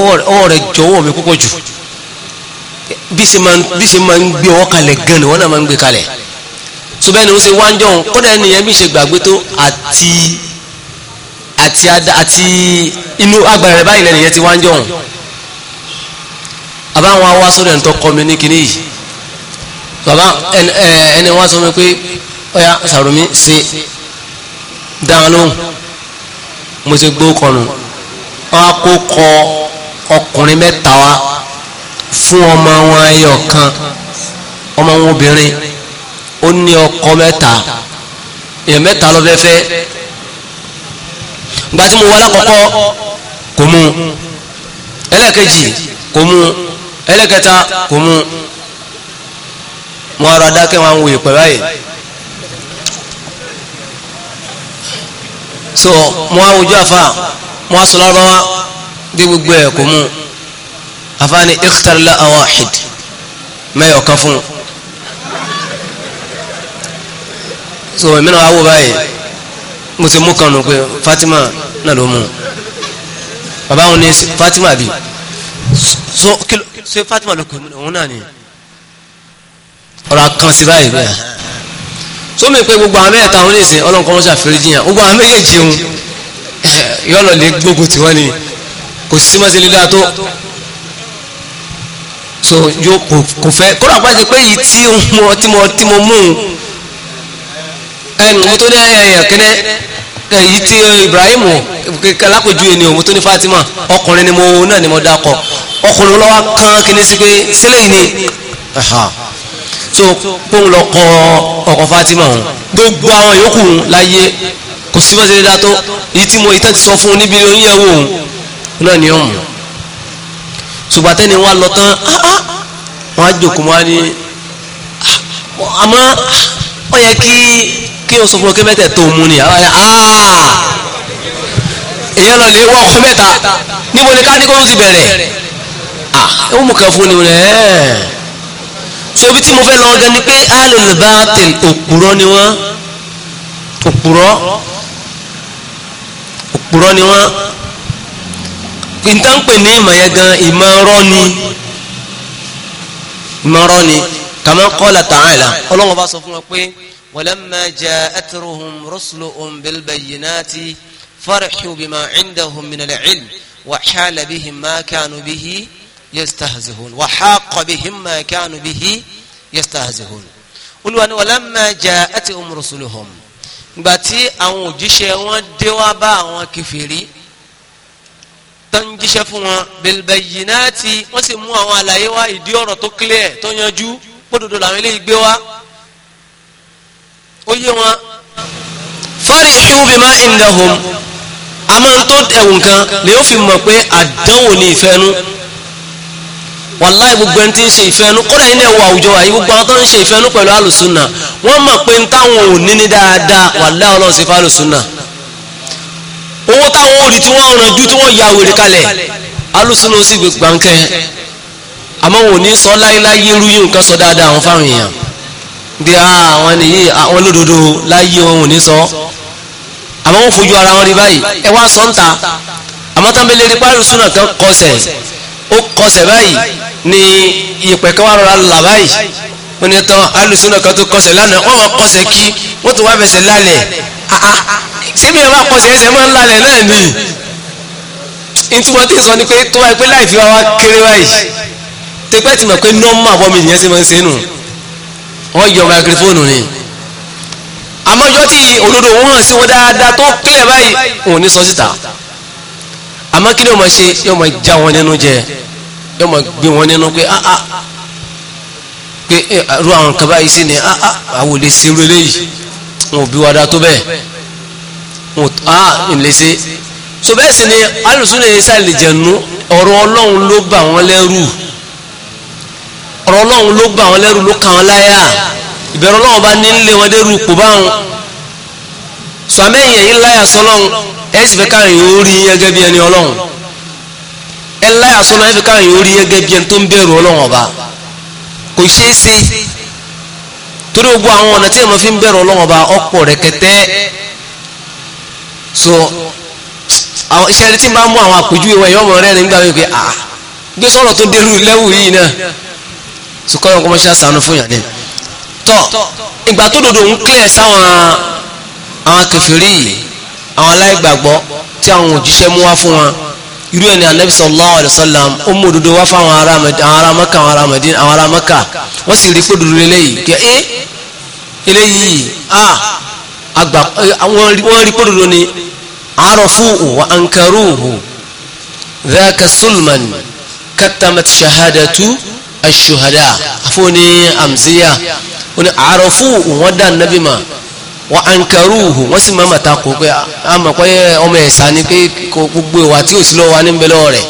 ọwọ́ rẹ jọ ọwọ́ mi púpọ̀ jù bí ṣe máa ń gbé ọwọ́ kalẹ̀ gan ni wọ́n náà máa ń gbé kalẹ̀ tó bẹ́ẹ̀ ni ó ṣe wá ń jọun kódà ẹnìyẹn bí ṣe gbàgbé tó àti àti àti inú agbára rẹ báyìí lẹ́nìyẹn ti wá ń jọun àbáwọn awásọ̀rẹ̀ ń tọkọ mi ní kinní yìí bàbá ẹni wá sọ mi pé ọ̀yà sàrùmí ṣe dáhùn lóhùn mo ti gbó kọnù wọn á kó kọ ọkùnrin mẹ́ta wá fún ọmọ wọn ẹyọ kan ọmọ wọn obìnrin ó ní ọkọ mẹ́ta èèyàn mẹ́ta ló fẹ́ fẹ́ gba tí mo wá lákọ̀ọ́kọ́ kò mú ẹlẹ́ẹ̀kejì kò mú ẹlẹ́ẹ̀kẹta kò mú mo ara dákẹ́ wọn wòye pẹ̀lú àyè. so mo wá ojú afa mo wá sọlá ọba wa dé gbogbo ẹ̀ kò mú afa ni ikhtarla awahid mẹ́yọ̀ kan fún un so mìíràn wá wò báyìí mo ti mú kan nù pé Fatima náà ló mú un bàbá òun Fatima bi so kí Fatima ló kù òun náà ni ọ̀rọ̀ àkànṣe báyìí bẹ́ẹ̀ tó mẹ́ pé gbogbo àmẹ́ ẹ̀ta wọn nìsín ọlọ́run kọ́ wọn ṣàfihàn jiyàn gbogbo àmẹ́ yẹ jẹun yọlọ lè gbógun tí ni kò sí mọ́ lílá tó so yóò kò fẹ́ kódà bá ti pé yìí tí mo tí mo tí mo mú ẹnu mo tó ní ẹyàn kẹ́nẹ́ èyí tí Ibrahim alákòjú ẹni òun tó ní Fatima ọkùnrin ni mo náà ni mo dákọ ọkùnrin lọ́wọ́ kán kíní sí pé sílẹ̀ yìí ni tó kóhun lọ kọ ọkọ Fatima òun gbogbo àwọn yòókù láyé kò sí bó ṣe lè dá tó mo ìtàn ti sọ fún un níbi oníyẹ̀wò òun náà ni ọ̀hún ṣùgbọ́n tẹ́ni wọn lọ tán ah, ah, wọn á jòkó wọn á ní ah, àmọ́ ó yẹ kí kí o sọ fún ọkẹ́ mẹ́tẹ̀ tó mú ni èyàn lọ lè wọ́ ọkọ̀ mẹ́ta níbo ni ká ní kó ń ti bẹ̀rẹ̀ ó mú kẹ́ ni rẹ̀ ẹ́ẹ̀ so ibi tí mo fẹ́ lọ gan ni pé alul batil òpùrọ́ ni wọ́n òpùrọ́ òpùrọ́ ni wọ́n ìtànpè ní ìmọ̀ yẹn gan ìmọ̀ ọ̀rọ̀ ni ìmọ̀ ọ̀rọ̀ ni kama qala ta'ala ọlọ́run bá sọ fún wa pé walamma ja'atuhum rusuluhum bil bayyinati farihu bima indahum min al-ilm wa hala bihim ma kanu bihi yastahzihun wa haqa bihim ma kanu bihi yastahzihun olúwa ni walamma ja'atuhum rusuluhum ìgbà tí àwọn òjíṣẹ́ wọn dé wá bá àwọn kèfèrí tó ń jíṣẹ́ fún wọn bil bayyinati wọ́n sì mú àwọn àlàyé wá ìdí ọ̀rọ̀ tó clear tó yanjú pódòdó làwọn eléyìí gbé wá ó yé wọn farihu bima indahum àmọ́ tó ẹ̀wù nǹkan lè ó fi mọ̀ pé àdánwò ní ìfẹ́nu wàláì gbogbo ẹni tí ń ṣe ìfẹ́ ẹnu kódà yín náà wọ àwùjọ àyè gbogbo àwọn tó ń ṣe ìfẹ́ ẹnu pẹ̀lú alùsùnà wọ́n mọ̀ pé ń táwọn ò ní ní dáadáa wàláì ọlọ́run ṣe fún alùsùnà owó táwọn olè tí wọ́n ràn ju tí wọ́n ya wèrè kalẹ̀ alùsùnà ó sì gbàǹkẹ́ àmọ́ wọn ò ní sọ láyéláyé irú yìí nǹkan sọ dáadáa àwọn fáwọn èèyàn bí ah, àwọn nìyí àwọn ah, olódodo láyé wọn ò ní sọ àmọ́ wọn fojú ara wọn rí báyìí ẹ wá sọ ń ó kọsẹ̀ báyìí ni ìpẹ̀ kan wà rọra là báyìí wọ́n ní tán alùsùnà kan tó kọsẹ̀ lánàá wọ́n wọ́n kọsẹ̀ kí wọ́n tó wá fẹsẹ̀ lálẹ̀ síbi ah, ah, ah, ẹ̀ bá kọsẹ̀ ẹsẹ̀ máa ń lálẹ̀ náà ni ìtumọ̀ tí ń sọ ni pé tó wáyé pé láì fi wá wá kéré báyìí tẹgbẹ́ ti mọ̀ pé nọ́mbà bọ́mi ìyẹn sì máa ń sẹ́nu wọ́n yọ máikrófóònù ni àmọ́jọ́ tí olódò wọn hàn sí wọn dáadáa tó kílẹ̀ báyìí wọn ní sọ síta àmọ́ kí ni ó máa ṣe yóò máa já wọn nínú jẹ yóò máa gbé wọn nínú pé ah ah pé eh, ru àwọn kan báyìí sí ni ah ah àwọn ò lè ṣe irú eléyìí wọn ò bí wàdà tó bẹ́ẹ̀ wọn ah ò lè ṣe so bẹ́ẹ̀ sì ni alùsùn yìí sàlẹ̀ jẹ̀nu ọ̀rọ̀ ọlọ́run ló bà wọ́n lẹ́rù ọ̀rọ̀ ọlọ́run ló bà wọ́n lẹ́rù ló kà wọ́n láyà ìbẹ̀rù ọlọ́run bá ní ń lé wọn dẹ́rù kò bá wọn sọ àmẹ́yìn ẹ̀yìn láyà sọlọ́run ẹ sì fẹ́ káàrin yóò rí yín gẹ́gẹ́ bí ẹni ọlọ́run ẹ láyà sọ́nà ẹ fẹ́ káàrin yóò rí yín gẹ́gẹ́ bí ẹni tó ń bẹ̀rù ọlọ́run ọba kò ṣeé ṣe torí gbogbo àwọn ọ̀nà tí ẹ̀ mọ́ fi ń bẹ̀rù ọlọ́run ọba ọ̀pọ̀ rẹ̀kẹ̀tẹ́ so àwọn iṣẹ́ ẹni tí ń bá mú àwọn àpèjúwe wọn ìyọ́mọ rẹ̀ nígbà wípé ah gbé sọ̀rọ̀ tó dérú lẹ́wù yìí náà sùkọ́yọ̀ kọ́mọ́ ṣe àṣàánú fún yàn ní tọ́ ìgbà tó dòdò ń clear sáwọn àwọn kẹfìrí yìí àwọn aláìgbàgbọ́ tí àwọn òjíṣẹ́ mú wá fún wọn irú ẹni anabi sallallahu alayhi wa sallam ó mú òdodo wá fáwọn ará maka àwọn ará madina àwọn ará maka wọ́n sì rí kódodo eléyìí kí ẹ eh, eléyìí ah, àgbà wọ́n rí kódodo ni arafuhu wa ankaruhu dhaka sulman katamat shahadatu ashuhada afọ ní amziya wọ́n ní arafuhu wọ́n dá anabi wa ankaruhu wọ́n sì máa ma ta kò pé pé ọmọ ẹ̀sà ni pé gbogbo ìwà tí ò sí lọ́wọ́ wa ní bẹ́lẹ́ rẹ̀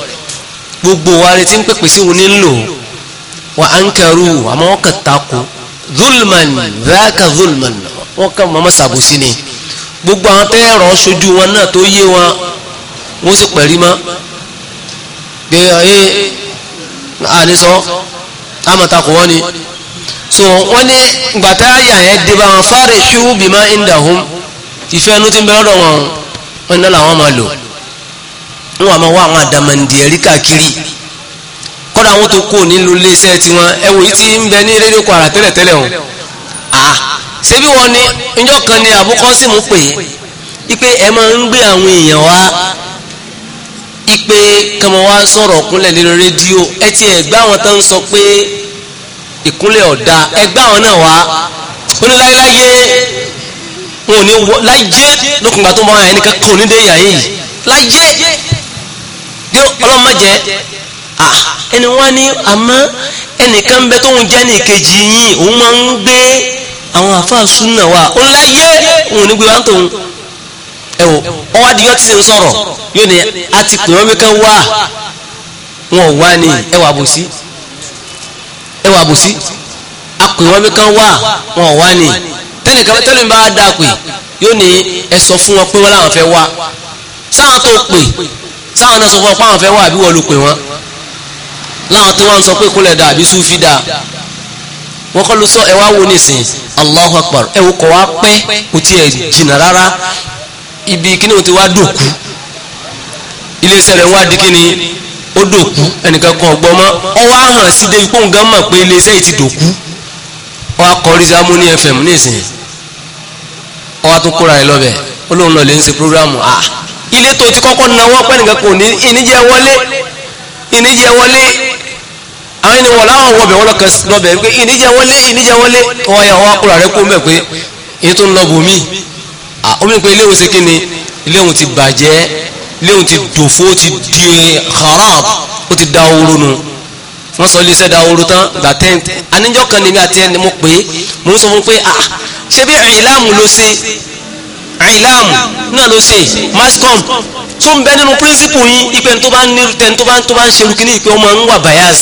gbogbo wa rẹ̀ ti ń pèpè sí òun nílò wa ankaruhu àmọ́ wọ́n kàn ta zulman dhaka zulman wọ́n kàn máa ma ni gbogbo àwọn tẹ́ ẹ̀rọ ṣojú wọn náà tó yé wọn wọ́n sì pẹ̀rí mọ́ gbé ẹ àníṣọ́ àmọ́ ta wọ́n ni. so wọ́n ní gbàtà àyà yẹn dìbà bi ma ṣú bìmá ìndàhùn ìfẹ́ ẹnu ti n bẹ lọ́dọ̀ wọn wọn ma lo máa lò wọn wà máa erika kiri àdàmàǹdì ẹ̀rí káàkiri kọ́dà àwọn tó kù nílùú iléeṣẹ́ tiwọn yìí ti ń bẹ ní kwara tẹ́lẹ̀tẹ́lẹ̀ o ah bi wọn ni njọ́ kan ni àbúkọ́sìmù pè pe ipe ẹ ma ń gbé àwọn èèyàn ipe kàmọ́ wá sọ̀rọ̀ kúnlẹ̀ nínú rédíò ẹ ti sọ pé ìkúnlẹ̀ ọ̀dá ẹgbẹ́ àwọn náà wá oníláyéláyé wọn ò ní wọ láyé lókùngbà tó ń bá wọn yẹn nìkan kàn nídé ìyá yìí láyé bí ọlọ́mọ jẹ ẹni wọn ní àmọ́ ẹnìkan ń bẹ tó jẹ́ ní ìkejì yìí òun máa ń gbé àwọn àfáà súnà wa ó láyé òun ò ní gbé wa ń tòun ẹ̀wọ̀ ọwọ́ adìyọ́ ti ṣe ń sọ̀rọ̀ yóò ní a ti pè kan wá wọn ò wá ní ẹwà àbòsí ẹ wà bùsí apè wọn kan wà wọn ò wá ni tẹnìkan tẹnìkan bá dà pé yóò ní ẹ sọ fún wọn pé wọn làwọn fẹ́ wá sáwọn tó pè sáwọn náà sọ fún wọn pé àwọn fẹ́ wá àbí wọn ló pè wọn láwọn tí wọn ń sọ pé kúnlẹ̀ dà àbí sùfì dà wọ́n kọ́ ló sọ ẹ wá wo nísìn Allahu Akbar ẹ wò kọ́ wá pẹ́ kò tiẹ̀ jìnnà rárá ibi kíni o ti wá dòkú iléeṣẹ́ rẹ̀ wá di kíni ó dòkú ẹnìkan kan ọgbọ́n mọ́ ọwọ́ àhàn sí débi pé òun gan mọ̀ pé iléeṣẹ́ yìí ti dòkú ọwọ́ akọrí Harmony FM ní ìsìn ọwọ́ tó kóra ẹ lọ́bẹ̀ ó lóun lọ lè ń ṣe programu a ilé tó ti kọ́kọ́ náwó pẹ́ nìkan kò ní ìníjẹ wọlé ìníjẹ wọlé àwọn ènìyàn wọ̀ láwọn wọ̀bẹ̀ wọn lọ́kàn lọ́bẹ̀ pé ìníjẹ wọlé ìníjẹ wọlé ọwọ́ ya ọwọ́ akọra rẹ kó mẹ́ pé èyí tó ń lọ bòmí omi pé ilé òun ṣe kí ni ilé òun ti bàjẹ́ léwu ti dòfó ti di kharab ó ti da ooru nu wọ́n sọ ilé iṣẹ́ da ooru tán gba tent aníjọ́ kan nínú àti ẹni mo pè é mo sọ fún pé ah ṣé bí ìlàmù ló ṣe ìlàmù náà ló ṣe mascom tó ń bẹ nínú píríncípù yín ipe tó bá ń ní tẹni tó bá ń tó bá ń ṣe rukini ipe ọmọ ń wà bias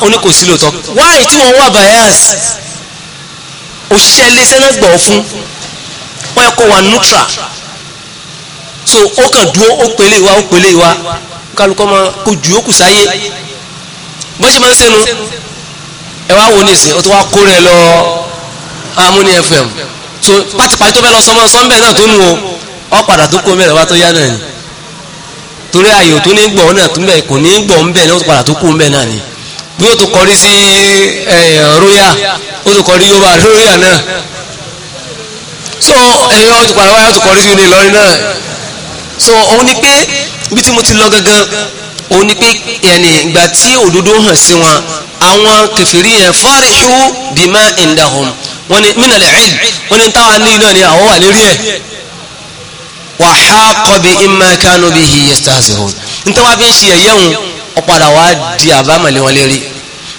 oní kò sí lóòótọ́ wáyé tí wọ́n wà bias òṣìṣẹ́ ilé iṣẹ́ náà gbọ̀ fún wọ́n yẹ kó wà neutral so ó kàn dúró ó pèlè ìwà ó pèlè ìwà kálukọ́ máa kó ju ó kù sáyé bó ṣe máa ń sẹ́nu ẹ wá wo nísìn ó ti wá kó rẹ lọ amúni fm so pátipátí tó fẹ́ lọ sọmọ sọmbẹ náà tó nù o ọ padà tó kó mẹ́rin wá tó yá náà ni torí ààyè tó ní gbọ̀ náà tó ń bẹ̀ kò ní gbọ̀ ń bẹ̀ náà ó padà tó kó ń náà ni bí ó tó kọrí sí royal ó tó kọrí yorùbá royal náà so ẹ̀yìn ó tó padà wáyé ó tó kọrí sí ilé Ìlọrin náà so òun ni pé bí tí mo ti lọ gangan òun ni pé yẹnì ìgbà tí òdodo hàn sí wọn àwọn kẹfìrí yẹn farihu bima indahum wọn ni minal ilm wọn ni táwa ní iná ni àwọn wà lérí ẹ wa haqa bi imma kanu bihi yastahzi'un nítorí fi ń ṣe ẹ̀yẹ́ wọn ó padà wá di àbámọ̀lẹ́ wọn lérí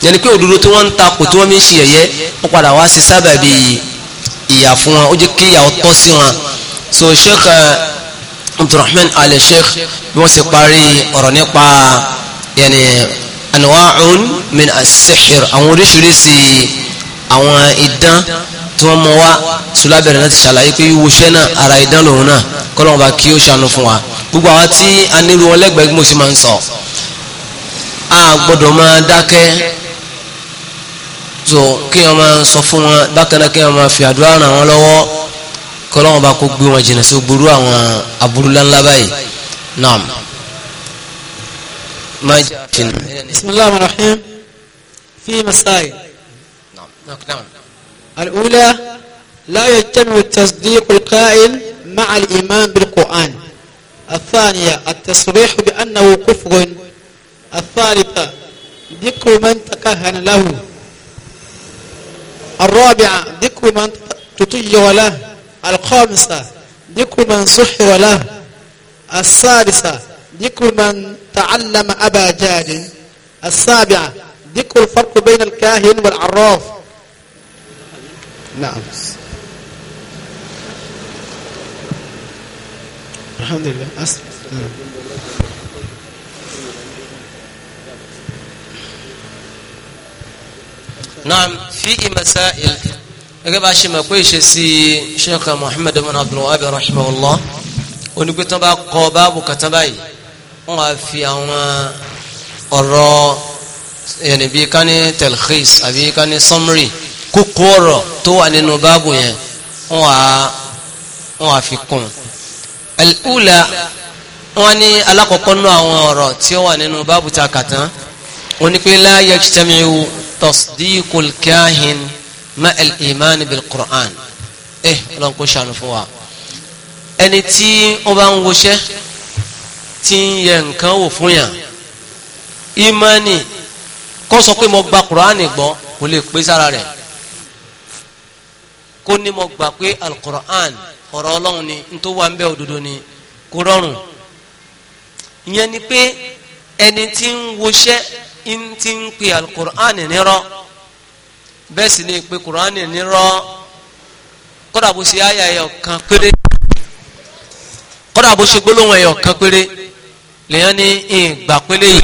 yẹni pé òdodo tí wọ́n ń ta kò tí wọ́n fi ń ṣe ẹ̀yẹ́ ó padà wá sí sábàbí ìyà fún wọn ó jẹ́ kí ìyà tọ́ sí wọn so sheikh abdulrahman ali sheikh bí wọ́n sì parí ọ̀rọ̀ nípa yẹni anwaun min asihir àwọn oríṣiríṣi àwọn idán tí wọ́n mọ wá sùlábẹ̀rẹ̀ náà ti ṣàlàyé pé wíwo iṣẹ́ náà ara idán lòun náà kọ́lọ́mọba kí ó ṣàánú fún wa gbogbo àwọn tí a nílò wọn lẹ́gbẹ̀ẹ́ mo sì máa ń sọ a gbọ́dọ̀ máa dákẹ́ so kí wọ́n máa sọ fún wọn bákan náà kí wọ́n máa fi àdúrà ràn wọ́n lọ́wọ́. kọ́lọ́wọ́n bá kó gbé wọn jìnnà sí burú àwọn aburú ńláńlá báyìí naam. بسم الله الرحمن الرحيم في مسائل نعم الأولى لا يتم تصديق القائل مع الإيمان بالقرآن الثانية التصريح بأنه كفر الثالثة ذكر من تكهن له الرابعة ذكر من تطير له الخامسة ذكر من سحر له السادسة ذكر من تعلم أبا جهل السابعة ذكر الفرق بين الكاهن والعراف نعم الحمد لله أسف نعم في مسائل gẹ́gẹ́ bá ṣe mọ̀ pé ìṣe sí sheikh muhammed ibn abdul wahab rahimahullah onígbé tán bá kọ báàbù kàtà báyìí wọ́n wá fi àwọn ọ̀rọ̀ yẹn bí ká ní telkhis àbí ká ní summary kókó ọ̀rọ̀ tó wà nínú báàbù yẹn wọ́n wá wọ́n fi kún al-ula ní alákọ̀ọ́kọ́ nú àwọn ọ̀rọ̀ tí ó wà nínú báàbù ta kàtà wọ́n ní pé la yajtami'u tasdiqul kahin ma al-iman bil-Qur'an ẹ ọlọ́run kò ṣàánú fún wa ẹni tí wọ́n bá ń woṣẹ́ tí ń yẹ nǹkan wò fún yàn ìmánì kó sọ pé mo gba Qur'an gbọ́ kò lè pé sára rẹ̀ kó ní mo gbà pé al-Qur'an ọ̀rọ̀ ọlọ́run ni nítorí wà ń bẹ òdodo ni kò rọrùn ìyẹn ni pé ẹni tí ń woṣẹ́ ń ti ń pe al-Qur'an bẹ́ẹ̀ sì ni ìpè kùránì nírọ́ kódà bó ṣe àyà ẹyọ kan péré kódà bó ṣe gbólóhùn ẹyọ kan péré lèyàn ní ìgbà péré yìí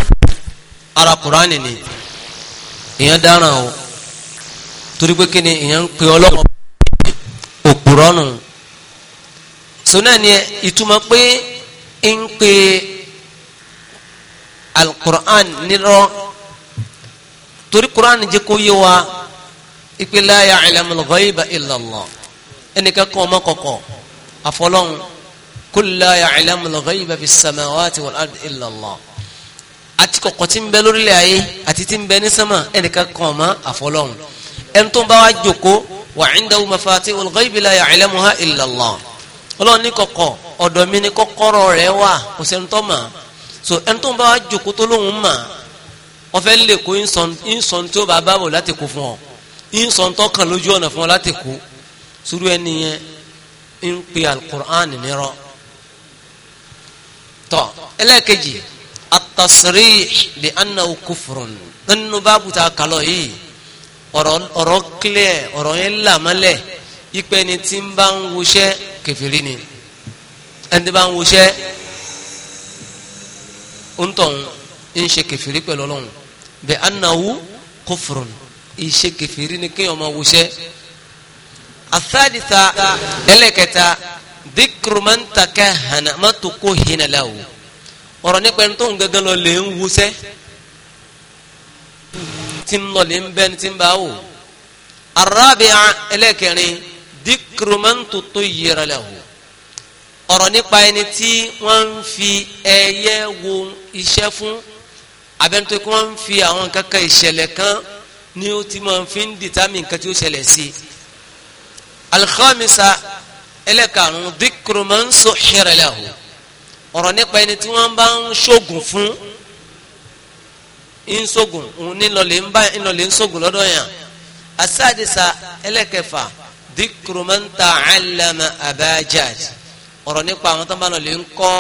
ara kùránì ni èèyàn dáràn o torí pé kí ni ń pe ọlọ́wọ́ òpùrọ́ nù so ni ìtumọ̀ pé ń pe alukur'an nírọ́ torí kur'an jẹ́ kó yé wa ipe la ya'lamul ghaiba illa Allah ẹnìkan kan ọmọ kọ̀kọ̀ àfọlọ́hún kul la ya'lamul ghaiba fis samawati wal ardi illa Allah àti kọ̀kọ̀ tí ń bẹ lórílẹ̀ ayé àti tí ń bẹ ní sánmà ẹnìkan kan ọmọ àfọlọ́hún ẹni tó bá wa jòkó wà ń bá wa jòkó tó lóhùn mà ọ̀fẹ́ lè kó ń sọ ntọ́kàn lójú ọ̀nà fún ọ láti kú sùúrù ẹni yẹn ń pe alukur'an nírọ́ tọ́ ẹlẹ́ẹ̀kejì atasiri bi anna kufurun nínú báàbù tá a kàlọ́ yìí ọ̀rọ̀ kílẹ̀ ọ̀rọ̀ yẹn làmọ́lẹ̀ ipe ni tí ń bá ń wuṣẹ́ kẹfìrí ni ẹni bá ń wuṣẹ́ ń tọ̀hún ń ṣe kẹfìrí pẹ̀lú ọlọ́run bi annahu kufurun iṣẹ́ kẹfìrí ni kéèyàn máa wọṣẹ́ asadisa ẹlẹ́kẹta dikurumantaka hana matuko hinala o ọ̀rọ̀ nípa ẹni tó ń gẹ́gẹ́ lọ lè ń wọṣẹ́ tí ń lọ ń bẹ́ni tí ń bá wò arábìá ẹlẹ́kẹrin dikurumantoto yẹra la o ọ̀rọ̀ nípa ẹni tí wọ́n ń fi ẹyẹ wo iṣẹ́ fún abẹ́nitó kí wọ́n ń fi àwọn kankan ìṣẹ̀lẹ̀ kan ni ó ti máa fi ń dìtámì nǹkan tí ó ṣẹlẹ̀ sí i alikhamisa ẹlẹ́karùn-ún dhikru man suhira lahu ọ̀rọ̀ nípa ẹni tí wọ́n bá ń ṣoògùn fún ń ṣoògùn ńlọlẹ̀ ń bá ńlọlẹ̀ ń ṣoògùn lọ́dọ̀ yàn asadisa ẹlẹ́kẹfà dhikru man ta'allama abajad ọ̀rọ̀ nípa àwọn tó ń bá lọ ń kọ́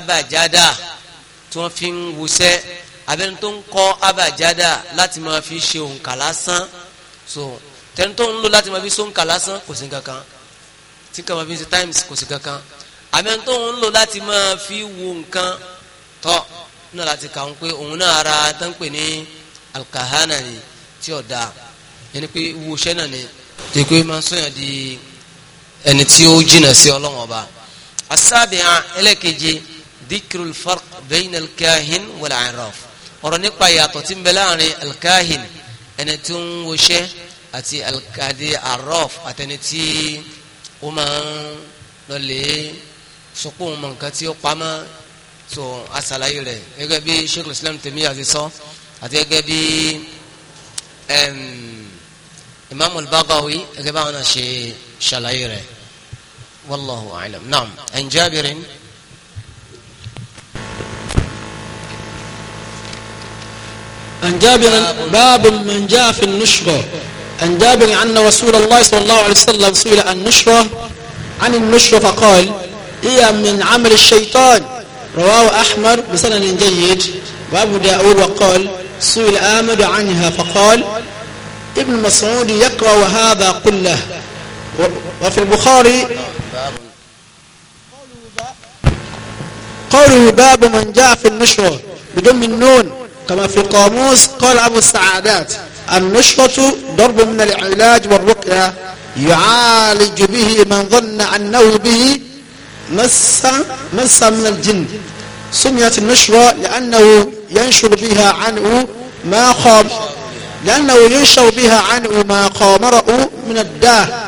abajada tí wọ́n fi ń wusẹ́ abẹni tó ń kọ́ abajada láti máa fi ṣe òǹkà lásán so tẹni tó ń lò láti máa fi ṣe òǹkà lásán kò sí kankan tí kò fi ṣe times kò sí kankan abẹni tó ń lò láti máa fi wo nǹkan tọ́ náà láti kà ń pé òun náà ara tó ń pè ní alkahana ni tí ò dáa yẹni pé wúṣẹ́ náà ni èkó máa sọ̀yàn di ẹni tí ó jìnà sí ọlọ́wọ́n ọba asábìá ẹlẹ́keje dikirul farq bayna alkahin wal arraf ọ̀rọ̀ nípa ìyàtọ̀ tí ń bẹ láàrin alkahin ẹni tí ń woṣẹ́ àti alkadi arọf àtẹni tí ó máa ń lọlé sọpọ̀ ohun nǹkan tí ó pamọ́ so asàlàyé rẹ̀ gẹ́gẹ́ bí sheikh islam tèmi àti sọ àti gẹ́gẹ́ bí imam al-Baghawi gẹ́gẹ́ báwọn náà ṣe ṣàlàyé rẹ̀ wallahu a'lam naam ẹn Jabirin. عن جابر باب من جاء في النشرة عن جابر أن رسول الله صلى الله عليه وسلم سئل عن النشرة عن النشرة فقال هي من عمل الشيطان رواه أحمد بسند جيد وأبو داود وقال سئل آمد عنها فقال ابن مسعود يقرأ هذا كله وفي البخاري قالوا باب من جاء في النشرة بدون النون كما في قاموس قال أبو السعادات النشرة ضرب من العلاج والرقية يعالج به من ظن أنه به مس مس من الجن سميت النشرة لأنه ينشر بها عنه ما خام لأنه ينشر بها عنه ما خامره من الداء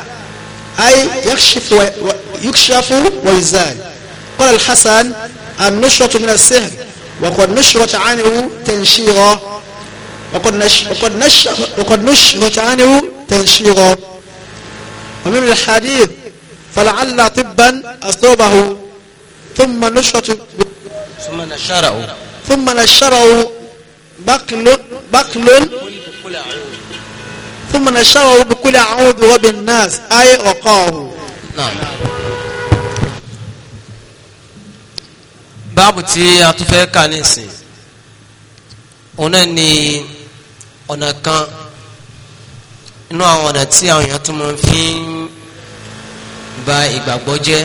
أي يكشف ويكشف ويزال قال الحسن النشرة من السحر وقد نشرت عنه تنشيرا وقد نشر وقد نشر وقد نشرت عنه تنشيرا ومن الحديث فلعل طبا أصابه ثم نشرت ثم نشره ثم نشره بقل بقل ثم نشره بكل أعوذ وبالناس أي وقاه نعم báàbù tí a tún fẹ́ kà ní ìsìn òun náà ni ọ̀nà kan inú àwọn ọ̀nà tí àwọn èèyàn tún máa fi ń ba ìgbàgbọ́ jẹ́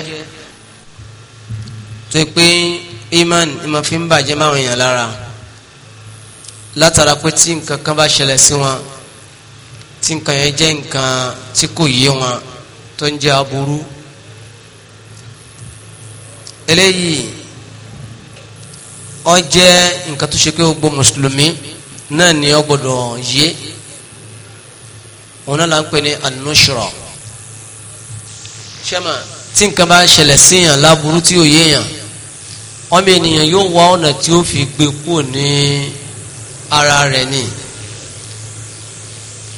tó pé iman ìmọ̀ fi ń bàjẹ́ máwọn èèyàn lára látara pé tí nǹkan kan bá ṣẹlẹ̀ sí wọn tí nǹkan yẹn jẹ́ nǹkan tí kò yé wọn tó ń jẹ́ aburú eléyìí. Ọ jẹ́ nǹkan tó ṣe pé gbogbo mùsùlùmí náà ni ọ gbọ́dọ̀ yé òun náà la ń pè ní ṣẹ́mà tí nǹkan bá ṣẹlẹ̀ síyàn láburú tí ò yéèyàn ọmọ ènìyàn yóò wá ọ̀nà tí ó fi gbé kúrò ní ara rẹ̀ ni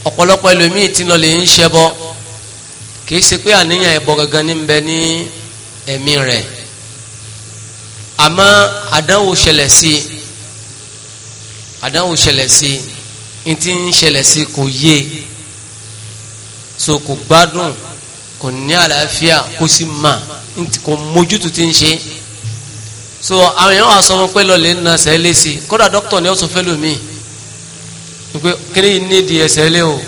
ọ̀pọ̀lọpọ̀ ẹlòmíì tí lọ lè ń kì í ṣe pé àníyàn àmọ́ àdánwò ṣẹlẹ̀ sí i àdánwò ṣẹlẹ̀ sí n ti ń ṣẹlẹ̀ sí kò yé e. so kò gbádùn kò ní àlàáfíà kò sì mà kò mójútó ti ń ṣe so àwọn èèyàn wà sọ wọn pé lọlẹ ń na ẹsẹ̀ lé sí i kódà dókítà ni ó sọ fẹlẹ mi pé kíni yìí ní di ẹsẹ̀ lé o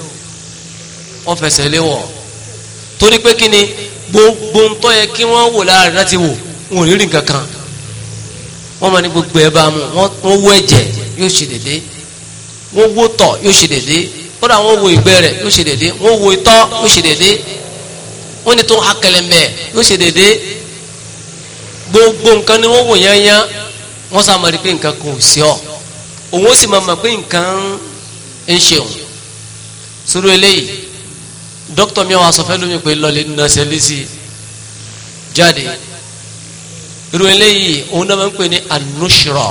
wọn fẹsẹ̀ lé wọ torí pé kíni gbogbo ń tọ́ yẹ kí wọ́n wò láàrin láti wò wọn ò ní rí nǹkan wọ́n máa ní gbogbo ẹ̀ bá mu wọ́n wó ẹ̀jẹ̀ yóò ṣe dédé wọ́n wó tọ̀ yóò ṣe dédé kódà wọ́n wo ìgbẹ́ rẹ̀ yóò ṣe dédé wọ́n wo itọ́ yóò ṣe dédé wọ́n ní tó ha kẹlẹ̀mbẹ̀ yóò ṣe dédé gbogbo nǹkan ni wọ́n wò yányán wọ́n sá máa rí pé nǹkan kò sí ọ̀ òun ó sì máa mọ̀ pé nǹkan ń ṣe òun sórí eléyìí dókítà mi wá sọ fẹ́ lómi pé lọ́ọ́ lè jáde irú eléyìí òun náà máa ń pè ní anushra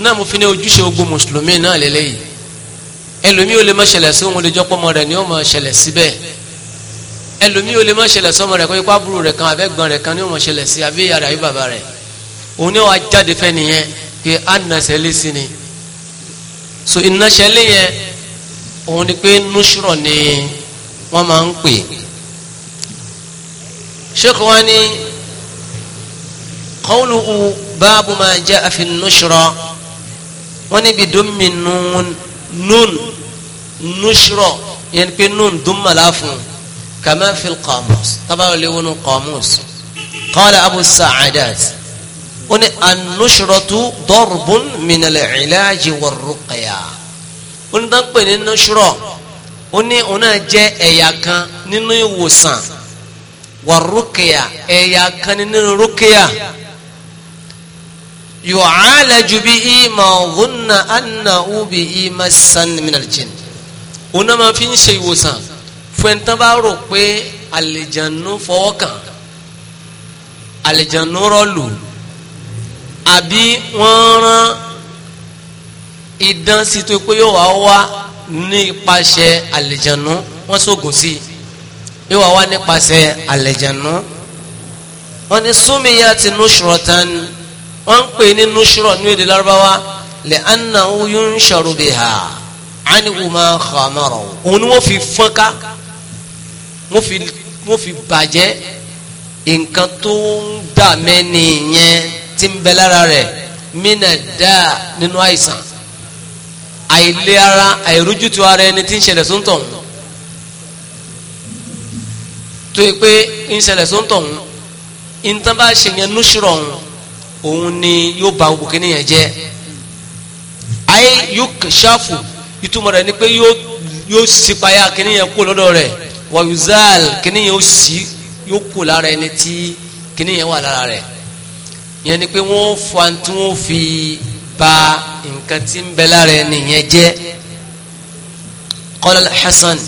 náà mo fi ní ojúṣe ogun mùsùlùmí náà lélẹ́yìí ẹlòmíì ò lè má ṣẹlẹ̀ sí òun lè jọ́ pọ́mọ rẹ̀ ni ó máa ṣẹlẹ̀ síbẹ̀ ẹlòmíì ò lè má ṣẹlẹ̀ sọ́mọ rẹ̀ kó ipá burú rẹ̀ kan àbẹ́gbọ́n rẹ̀ kan ni ó máa ṣẹlẹ̀ sí àbí ìyá rẹ̀ bàbá rẹ̀ òun ni wàá jáde fẹ́ nìyẹn pé ànàṣẹ́ lé sí ni so ìnáṣẹ́ lé yẹn òun ni pé nushra ni wọ́n máa ń pè ṣé kò wá قوله باب ما جاء في النشرة وني بدم النون نون نشرة يعني نون دم لافن كما في القاموس طبعا لون قاموس قال أبو السعادات وني النشرة ضرب من العلاج والرقية وني ضرب النشرة وني أنا جاء إياكا ننوي وسان والرقية إياكا ننوي رقية yu'alaju bihi ma dhunna annahu bihi massan minal jinn òun náà máa fi ń ṣe ìwòsàn fún ẹni tán bá rò pé àlejànú fọwọ́ kàn àlejànú àbí wọ́n rán idán sí tó pé yóò wá wá nípasẹ̀ àlejànú wọ́n sógun sí yóò wá wá nípasẹ̀ àlejànú wọ́n ní súnmìyà ti nushratan wọ́n ń pè ní nushra ní èdè lárúbáwá lè anna oyún ṣàrò bè ha ánìwò máa xamara òun ni wọ́n fi fọ́nká wọ́n fi bàjẹ́ nǹkan tó ń dà mẹ́ni yẹn tí ń bẹ lára rẹ̀ mina dáa nínú àìsàn àìlé ara àìrójútu ara ẹni tí ń ṣẹlẹ̀ sóńtọ̀ tó yẹ pé ń ṣẹlẹ̀ sóńtọ̀ ń bá ṣe yẹn nushra ń òun ni yóò ba gbogbo kíní yẹn jẹ́ ayé yóò ṣáfù ìtumọ̀ rẹ̀ ni pé yóò sípayá kíní yẹn kó lọ́dọ̀ rẹ̀ wàyúzàl kíní yẹn ó sì yóò kó lára ẹni tí kíní yẹn wà lára rẹ̀ yẹn ni pé wọ́n fa tí wọ́n fi ba nǹkan tí ń bẹ lára ẹni yẹn jẹ́ qala al-Hasan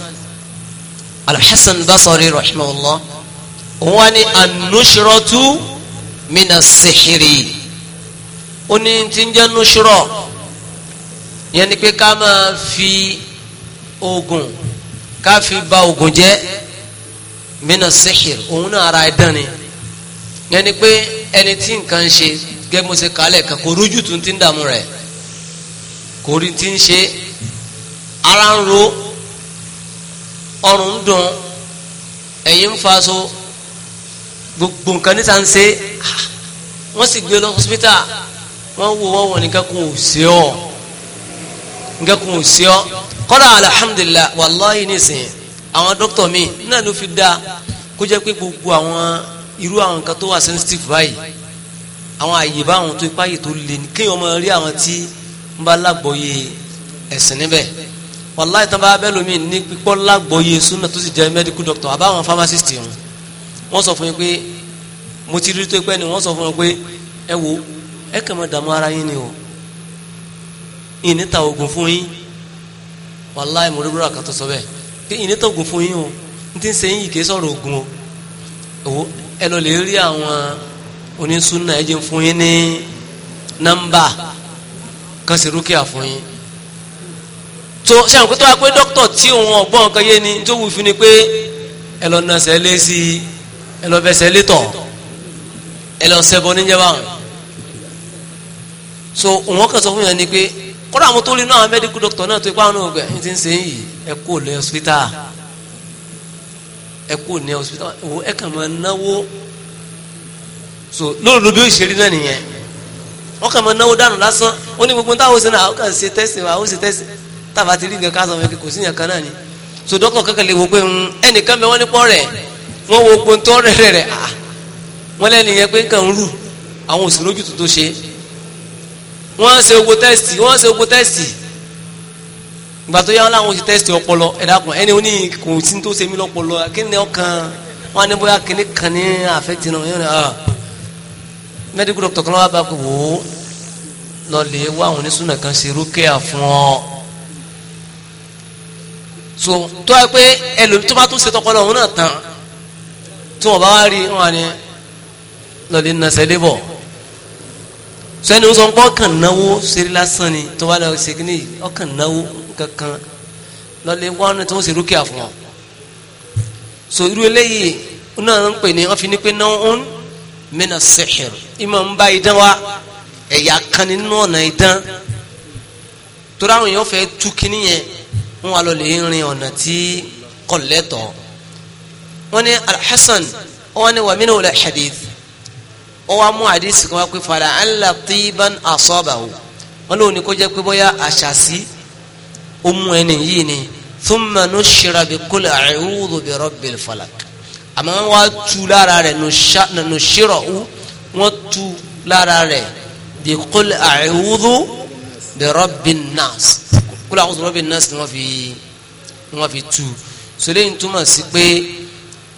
al-Hasan Basri rahimahullah òun wá ní anushratu mina sihiri ó ní tí ń jẹ́ nusurọ yẹn ni pé ká máa fi oògùn ká fi ba oògùn jẹ́ mina sihir òun náà ara ẹ̀dán ni yẹn ni pé ẹni tí nǹkan ń ṣe gẹ́gẹ́ mo ṣe kálẹ̀ kan kò rújú tó ti ń dààmú rẹ̀ kò rí ti ń ṣe ara ń ro ọrùn ń dùn ẹ̀yìn ń faso gbogbo nǹkan ní sànse wọ́n sì gbé lọ hospital wọ́n wo wọ́n wọ̀ nǹkan kò sí ọ́ nǹkan kò sí ọ́ kọ́dà alhamdulilah wàláhi nìsín àwọn dókítà mi náà ló fi dá kó jẹ́ pé gbogbo àwọn irú àwọn nǹkan tó wà sensitive báyìí àwọn àyè báwọn tó ipá yìí tó lè ní kéèyàn máa rí àwọn tí ń bá lágbọ́yé ẹ̀sìn níbẹ̀ wàláhi tán bá bẹ́ẹ̀ ní pípọ́ lágbọ́yé súnà tó sì jẹ́ medical doctor àbáwọn pharmacist wọn wọ́n sọ fún yín pé mo ti rí ni wọ́n sọ fún yín pé ẹ wo ẹ o yìí níta oògùn fún yín wàláì mo àkàtọ̀ sọ bẹ́ẹ̀ yìí níta o n ti ń sẹ́yìn o ẹ lọ lè rí àwọn onísùnà ẹ jẹ́ fún yín ní nọ́mbà kan sì rúkìá fún yín tó ṣe àwọn kótó wa pé ẹ lọ bẹsẹ̀ létọ̀ ẹ lọ níjẹba so wọn kẹsọ fún yẹn ni pé kọ́dà àwọn tó lè náà mẹ́díkù dọ́kítọ̀ náà tó ipá àwọn ọgbẹ́ ẹ̀ ti ń sẹ́yìn yìí ẹ kò lẹ́ ọ́sítà ẹ kò ní ọ́sítà wo ẹ kàn máa náwó so lóòrò bí ó ṣe rí náà nìyẹn wọ́n kàn máa náwó dànù lásán ó ní gbogbo táwọn ṣe náà ó kàn ṣe tẹ́sì wa ó ṣe tẹ́sì táwa ti rí nǹkan ká sọ fún mi kò sí nǹkan náà ni so dọ́kítọ̀ kankan lè wo pé hmm, ẹnìkan bẹ wọ́n nípọ̀ rẹ̀ wọ́n wo ogun tó rẹ̀ ah wọ́n lẹ́nu yẹn pé nǹkan ń rù àwọn òsì lójú tó tó ṣe wọ́n ṣe ogun tẹ́sì wọ́n ṣe ogun tẹ́sì ìgbà tó yá wọn láwọn ṣe tẹ́sì ọpọlọ ẹ̀dá kan ẹni oní kò sí tó ṣe mí lọ́pọlọ kí ni ọkàn wọn ni bóyá kí ni kàn ní àfẹ́tì náà yẹn náà medical doctor kan wá bá kó wò ó lọ́ọ̀lẹ̀ wá àwọn oníṣúná kan ṣe rúkẹ́à fún ọ so tó wá pé ẹlòmí tó bá tún ṣe tọpọlọ òun náà tán tí wọ́n bá wá rí wọn ni lọ́dẹ na sẹ́dẹ̀ bọ̀ sẹ́ni ó sọ pé ọkàn náwó ṣeré lásán ni tó wá lọ́ọ́ ṣe kíní ọkàn náwó kankan lọ́dẹ wọn tó ń ṣe rúkìá fún ọ so irú eléyìí náà ń pè ní wọ́n fi ní pé náà ń mẹ́nà sẹ́hìr ìmọ̀ ń bá idán wa ẹ̀yà kan nínú ọ̀nà idán torí àwọn èèyàn fẹ́ tú kíní yẹn wọ́n wá lọ lè rin ọ̀nà tí kọ̀lẹ́tọ̀ọ́ wọ́n ní alḥasan wọ́n ní wàmínú wọlé xadìd wọ́n wá mú àdìsí kan wá pé fàlà ànlá tíban àsọ́bàwò wọ́n lóun ní kó jẹ́ pé bóyá àṣàṣì ọmú ẹni yìí ni thumma nushira bi kul a'udhu bi rabbil falak àmọ́ wọ́n wá tu lára rẹ̀ nushira u wọ́n tu lára rẹ̀ bi kul a'udhu bi rabbin nas kul a'udhu bi rabbin nas ni wọ́n fi tu sọlẹ́yìn túmọ̀ sí pé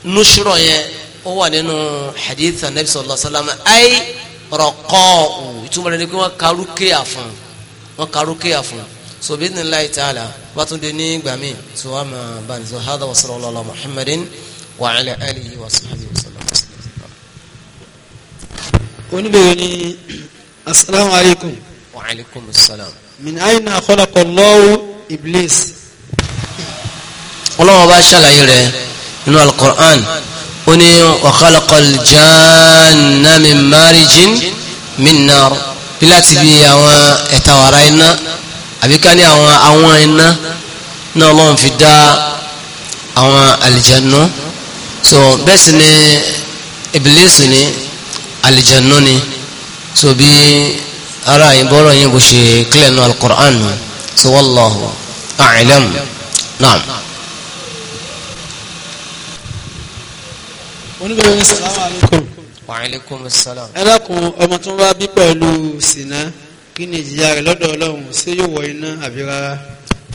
nusrọ yẹn ó wà nínú hadith anabi sallallahu alayhi wa sallam ay rọkọọ̀ù ìtumọ̀ rẹ̀ ni pé wọ́n karú kéèyà fún wọ́n karú kéèyà fún so bí nílá ta'ala bá tún dé ní ìgbà míì so wà má wa sallallahu ala muhammadin wa ala alihi wa sahbihi wa sallam. oníbẹ̀rẹ̀ ni asalaamualeykum. wa aleykum salaam. min aina khalaqa Allahu iblis. ọlọ́wọ́n bá ṣàlàyé rẹ̀ nínú al-Qur'an ó ní wa khalaqal janna min marijin min nar bí láti bí àwọn ẹ̀ta iná àbíká ní àwọn àwọn iná náà lọ́n fi dá àwọn àlìjẹ̀nú so bẹ́ẹ̀ sì ni Iblis ni àlìjẹ̀nú ni so bí ara ìbọ̀rọ̀ yín bó ṣe kílẹ̀ nù al-Qur'an so wallahu a'lam naam. oníbẹ̀rẹ̀ ní salamu alaykum. wa alaykum salam. ẹ dákun ọmọ tó ń bá bí pẹ̀lú sìnà kí ni ìjìyà rẹ̀ lọ́dọ̀ ọlọ́run ṣé yóò wọ iná àbí rárá.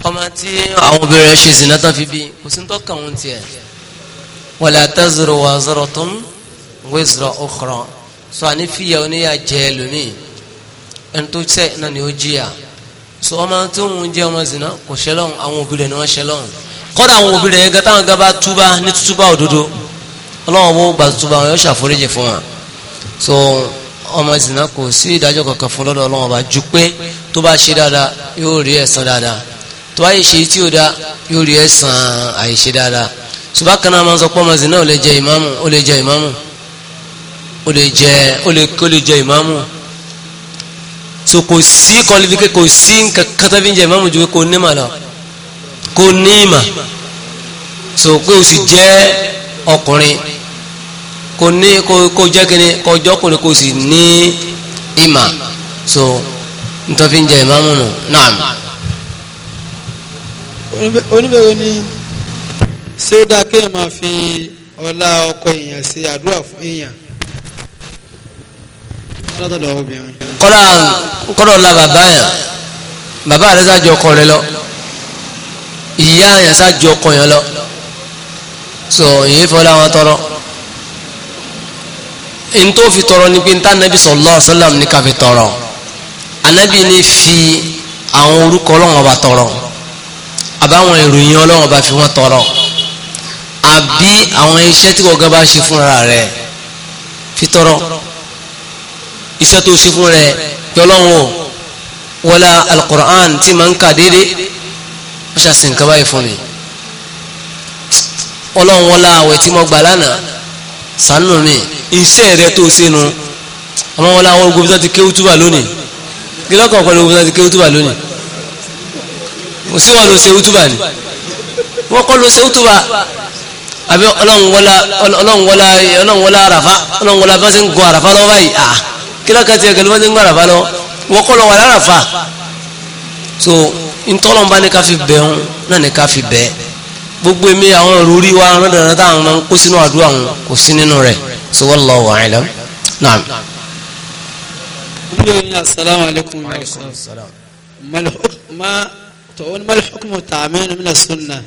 ọmọ tí àwọn obìnrin rẹ̀ ṣe sìnà tán fi bí kò sí ń tọ́ka òun tiẹ̀. wala taziru waziratun wizra ukhra sọ àní fìyà oníyà jẹ́ ẹlòmíì ẹni tó tẹ̀ náà ni ó jìyà so ọmọ tó ń jẹ́ ọmọ sìnà kò ṣẹlọ́run àwọn òbí rẹ̀ ni wọ́n ṣẹlọ́run kọ́dà àwọn òbí yẹn gan táwọn gan bá túbá ní túbá òdodo ọlọ́wọ́n bó gbà tuntun bá wọn yóò ṣàforíjì fún wọn so ọmọ ìsìnà kò sí ìdájọ́ kankan fún lọ́dọ̀ ọlọ́wọ́n bá ju pé tó bá ṣe dáadáa yóò rí ẹ̀san dáadáa tó bá yẹ ṣe tí ò dá yóò rí ẹ̀san àìṣe dáadáa ṣùgbọ́n kan náà máa ń sọ pé ọmọ ìsìnà ò lè jẹ ìmáàmù ó lè jẹ ìmáàmù ó lè jẹ ó lè kó lè jẹ ìmáàmù so kò sí kọlifíkẹ kò sí nǹkan tó fi ń jẹ ìmáàmù ju pé kò ní mà lọ kò ní ìmà so pé o sì jẹ ọkùnrin kò ní kò jẹ́ kí ni kò jọ́kùnrin kò sì ní ìmà so nítorí ń jẹ ìmáàmù nù náà. oníbẹ̀rẹ̀ ni ṣé ó dáa kéèyàn máa fi ọlá ọkọ èèyàn ṣe àdúrà fún èèyàn látọ̀dọ̀ obìnrin. kọ́dà kọ́dà bàbá yẹn bàbá rẹ̀ ṣáàjọ ọkọ rẹ̀ lọ ìyá yẹn ṣáàjọ ọkọ yẹn lọ so èyí fọlá wọn tọrọ n tó fi tọrọ ni pé n ta anabi sallallahu alaihi wasallam ní ká fi tọrọ anabi ní fi àwọn orúkọ ọlọ́wọ́n ọba tọrọ àbáwọn ìròyìn ọlọ́wọ́n ọba fi wọ́n tọrọ àbí àwọn iṣẹ́ tí wọ́n bá ṣe fúnra rẹ̀ fi tọrọ iṣẹ́ tó ṣe fún rẹ̀ pé ọlọ́run o wọlá alukur'an tí ma ń kà déédéé wọ́n ṣàṣì nǹkan báyìí fún mi ọlọ́run wọlá àwẹ̀ tí mo gbà lánàá ṣàánú mi iṣẹ́ rẹ tó sínú àmọ́ wọn láwọn ogun tó ti kéwú túbà lónìí kí lọ́kàn pẹ̀lú ogun tó ti kéwú túbà lónìí sí wọn ló ṣe wútúbà ni wọ́n kọ́ ló ṣe wútúbà àbí ọlọ́run wọlá ọlọ́run wọlá àràfá bá ṣe ń gun àràfá lọ́wọ́ báyìí à kí lọ́kàn tiẹ̀ bá ṣe ń gun àràfá lọ́wọ́ wọ́n kọ́ lọ wà láràfá so ntọ́lọ́n bá ní ká fi bẹ̀ ọ́n náà ní ká fi bẹ̀ gbogbo èmi àwọn òrùrí wa rán dandan táwọn máa ń kó sínú àdúrà wọn kò sí nínú rẹ̀ so wallahu a'lam naam. السلام عليكم وعليكم السلام ما الحكم ما تقول ما الحكم والتعميم من السنه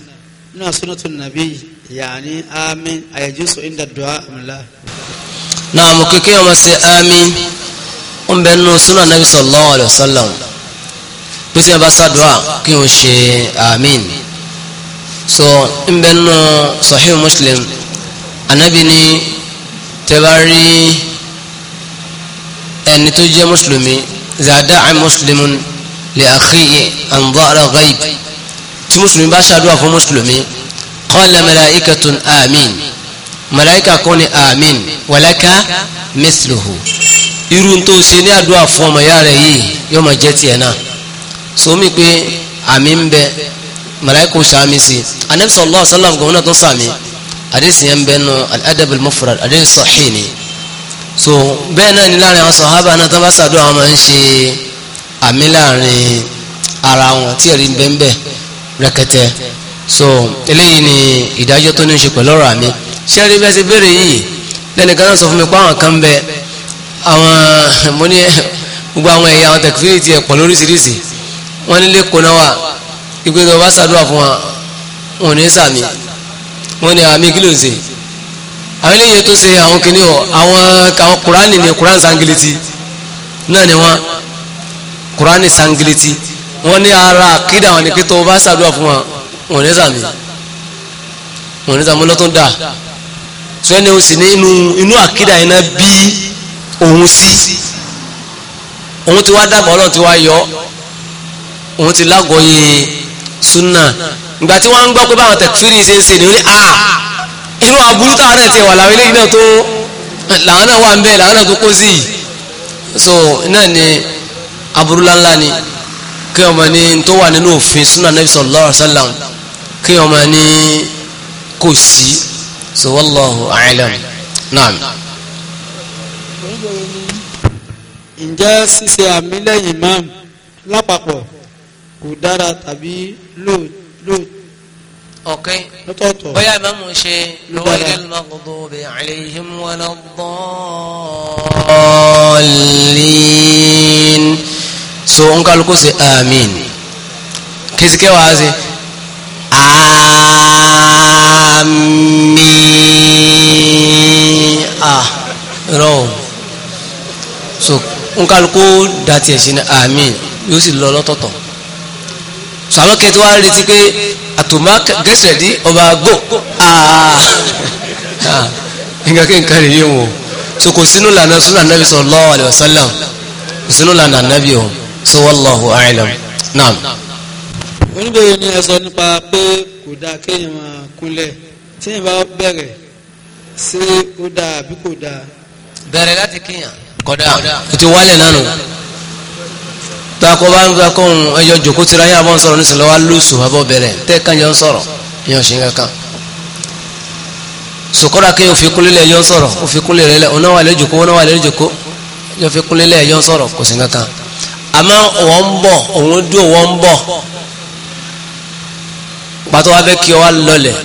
من سنه النبي يعني امين ايجوز عند الدعاء ام لا نعم كيكي ما سي امين ان بينو سنه النبي صلى الله عليه وسلم بس يا بس دعاء كي وشي امين سو ان بينو صحيح مسلم النبي tẹ́bá rí ẹni tó jẹ́ mùsùlùmí zada'a muslimun li akhihi an dhara ghaib tí mùsùlùmí bá ṣàdúrà fún mùsùlùmí qala malaikatun amin malaika kan ni amin walaka misluhu irun tó ṣe ní àdúrà fún ọmọ ìyá rẹ̀ yìí yóò máa jẹ́ tiẹ̀ náà sómi pé àmì bẹ malaika ó ṣàmì sí anabi sallallahu alaihi wasallam tó ṣàmì àdéhùn yẹn ń bẹ nù al-adab al-mufrad àdéhùn sahih so bẹ́ẹ̀ náà ni láàrin àwọn sọ̀hábà náà tó bá ṣàdúrà wọn máa ń ṣe àmì láàrin ara wọn tí ẹ̀rí ń bẹ so eléyìí ni ìdájọ́ tó ní í ṣe pẹ̀lú ọ̀rọ̀ àmì ṣẹ́rí bẹ́ẹ̀ ṣe béèrè yìí lẹ́nìkan náà sọ fún mi pé àwọn kan ń bẹ àwọn mo ní gbogbo àwọn ẹ̀yà àwọn tẹkifíìrì tiẹ̀ pọ̀ lóríṣiríṣi wọ́n nílé kóná wa ìgbésọ̀ bá ṣàdúrà fún wọn ò ní sàmì wọ́n ní àmì ah, kílò ṣe àwọn eléyìí tó ṣe àwọn kìnìún àwọn àwọn kùránì ní kùránì sangiliti náà ni wọ́n kùránì sangiliti wọ́n ní ara àkídà wọn ni pé tó o bá ṣàdúrà fún wọn wọn ní sàmì wọn ní sàmì lọ́tún dà tó ẹni o sì ní inú inú àkídà yẹn náà bí òun sí òun ti wá dàgbà ọlọ́run ti wá yọ òun ti lágọ̀ọ́yè súnà ìgbà tí wọ́n ń gbọ́ pé báwọn tẹ̀kfíìrì ṣe ń ṣe ní ó ní à irú aburú táwọn náà ti wà láwọn eléyìí náà tó làwọn náà wà ń bẹ́ẹ̀ làwọn náà tó kó sí yìí so náà ni aburú láńlá ni kí ọmọ ní tó wà nínú òfin súnà nàbí sallallahu alaihi wasallam kí ọmọ ní kò sí so wallahu a'lam naam. ǹjẹ́ ṣíṣe àmì lẹ́yìn máàmù lápapọ̀ kò dára tàbí lóòótọ́ ọ̀kẹ́ bóyá ìmáàmù ṣe lọ́wọ́ ilé al-maghdubi alayhim wala ad-dallin so ń kálukú sí àmín kìsìkẹ́ wàá sí àmín ah rọ́ọ̀ so ń kálukú dàtí ẹ̀ sí ní àmín yóò sì lọ lọ́tọ̀ọ̀tọ̀ sàwọn kẹtí wá retí pé àtòmá gẹ́sẹ̀ dí ọba gbò nǹkan kí nǹkan rèé wọn so kò sínú lànà sún ànábì sallallahu alaihi wasallam kò sínú lànà ànábì o so wallahu nípa pé kò dáa kéèyàn kúnlẹ̀ tí èèyàn bá bẹ̀rẹ̀ ṣé ó dáa àbí kò dáa. bẹ̀rẹ̀ láti kíyàn kódà ètò wálẹ̀ náà tako bá ń ga kó ń ẹyọ jòkó tira yín àbọ̀ ń sọ̀rọ̀ nísìnyí lọ́wọ́ lóṣù àbọ̀ bẹ̀rẹ̀ tẹ́ kànjọ́ ń sọ̀rọ̀ yíyan ṣe ń kankan sòkòrò akéyìn òfin kúlélẹ̀ ẹ̀yọ́ ń sọ̀rọ̀ òfin kúlélẹ̀ rẹ̀ ọ̀nà wà lẹ́yìn jòkó ọ̀nà wà lẹ́yìn jòkó ẹ̀yọ́ fi kúlélẹ̀ ẹ̀yọ́ ń sọ̀rọ̀ kò sí kankan àmọ́ wọ́n ń bọ̀ òun dún wọ́n ń bọ̀ pàtó wa fẹ́ kí ọ wá lọlẹ̀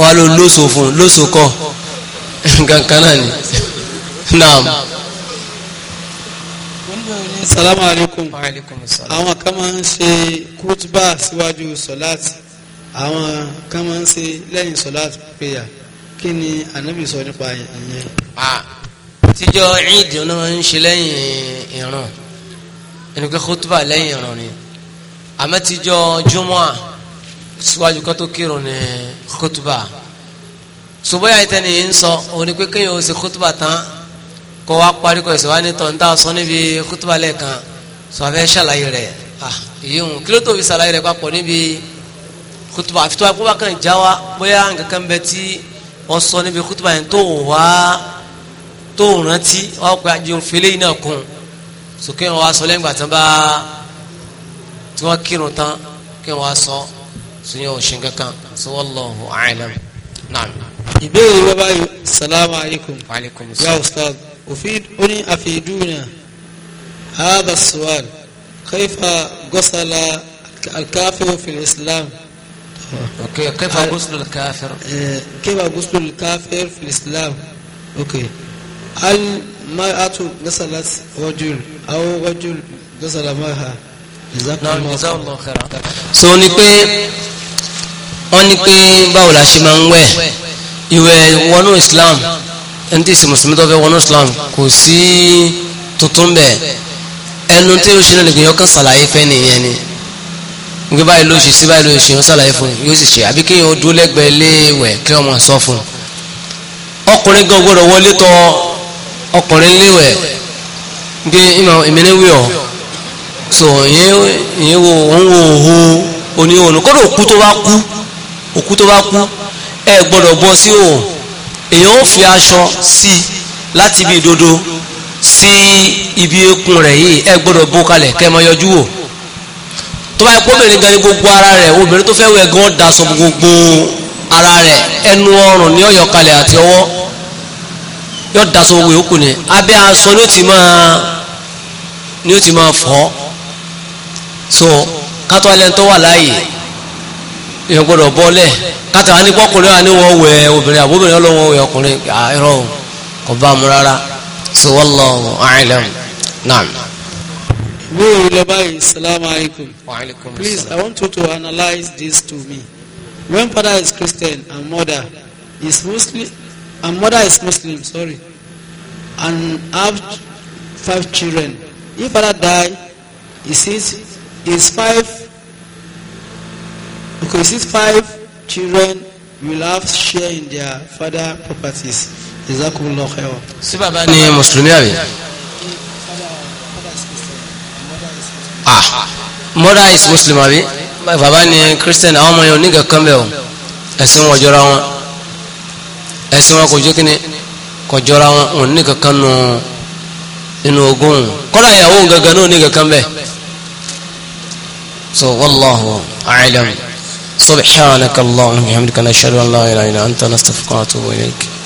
wa lọ lóṣù [LAUGHS] [LAUGHS] salamu alaykum àwọn kan máa ń ṣe kútbà síwájú sọláàtì àwọn kan máa ń ṣe lẹ́yìn sọláàtì péyà kí ni ànábì sọ nípa ìyẹn. tíjọ́ eid náà ń ṣe lẹ́yìn ìrun ẹni pé kútbà lẹ́yìn ìrun ni àmọ́ tíjọ́ júmọ́à síwájú kan tó kírun ní kútbà ṣùgbọ́n àìtẹ́ni ń sọ òní pé kéèyàn ó ṣe kútbà tán kọ́ wa parí kọ́ ìṣèwá ní tọ́ntà sọ níbi kútùbà lẹ́ẹ̀kan sọ abẹ́ ṣàlàyé rẹ̀ ìyẹn òun kí ló tó fi ṣàlàyé rẹ̀ papọ̀ níbi kútùbà àfi tó wa kó bá já wa bóyá nǹkan kan bẹ tí wọ́n sọ níbi kútùbà yẹn tó wá tó rántí wọ́n pe àjùn fèlè náà kún sókè wọn wá sọ lẹ́yìn ìgbà bá tí wọ́n kírun tán kí wọ́n wá sọ sunyẹ òsín kankan wallahu a'lam naam. ìbéèrè bàbá yìí salaamaleykum. wa aleykum salaam. ya ustaz. أفيد أني أفيدونا هذا السؤال كيف غسل الكافر في الإسلام أوكي كيف غسل الكافر كيف غسل الكافر في الإسلام أوكي هل المرأة غسلت رجل أو رجل غسل مرأة جزاكم الله خيرا so ni pé wọ́n ní pé báwo la ṣe máa ẹni tí ìsìmùsùlùmí tó fẹ́ wọnú Islam kò sí tuntun bẹ́ẹ̀ ẹnu tí yóò ṣe náà nìkan yóò kàn ṣàlàyé fẹ́ nìyẹn ni nígbà báyìí ló ṣe sí báyìí ló ṣe yóò ṣàlàyé fún yóò sì ṣe àbí kéèyàn dúró lẹ́gbẹ̀ẹ́ léèwẹ̀ kí ọmọ sọ fún ọkùnrin gan gbọdọ̀ wọlé tọ̀ ọkùnrin léèwẹ̀ gbé ìmìnira wí ọ so ìyẹn wo òun wo òhu oníhòòhùn kọ́dọ̀ òkú tó bá kú òkú tó bá kú ẹ gbọdọ̀ bọ́ sí òhùn èyàn ó fi aṣọ sí láti ibi ìdodo sí ibi ekun rẹ̀ yìí ẹ gbọ́dọ̀ bó kalẹ̀ kẹ́ ẹ máa yọjú wò tó bá yẹ kó obìnrin gan ni gbogbo ara rẹ̀ obìnrin tó fẹ́ wẹ̀ gan daṣọ gbogbo ara rẹ̀ ẹnu ọrùn ni ó kalẹ̀ àti ọwọ́ yọ daṣọ gbogbo yòókù ni abẹ́ aṣọ ni ó ti máa ni ó ti máa fọ́ so kátó alẹ́ ń tọ́ wà láàyè èèyàn gbọ́dọ̀ bọ́lẹ̀ kátà wá ní kọkùnrin wà wọ́n wẹ̀ obìnrin àbóbìnrin ọlọ́wọ́ wẹ̀ ọkùnrin ẹ̀rọ kò bá mu rárá so wallahu a'lam naam. Wúwo Lọ́bàáyé, Assalamu alaikum. Wa alaikum Please, I want you to analyze this to me. When father is Christian and mother is Muslim, and mother is Muslim, sorry, and have five children. If father die, he says his five because these five children will have share in their father properties jazakumullah khair. sí bàbá ni mùsùlùmí àbí. ah mother is muslim àbí bàbá ni christian àwọn ọmọ yẹn oníga kan bẹ́ẹ̀ o ẹ̀sìn wọn jọra wọn ẹ̀sìn wọn kò jẹ́ kí ni kò jọra wọn òun ní nù inú ogun kọ́dà ìyàwó gangan náà ní kankan bẹ́ẹ̀ so wallahu a'lam. سبحانك اللهم وبحمدك نشهد ان لا اله الا انت نستغفرك ونتوب اليك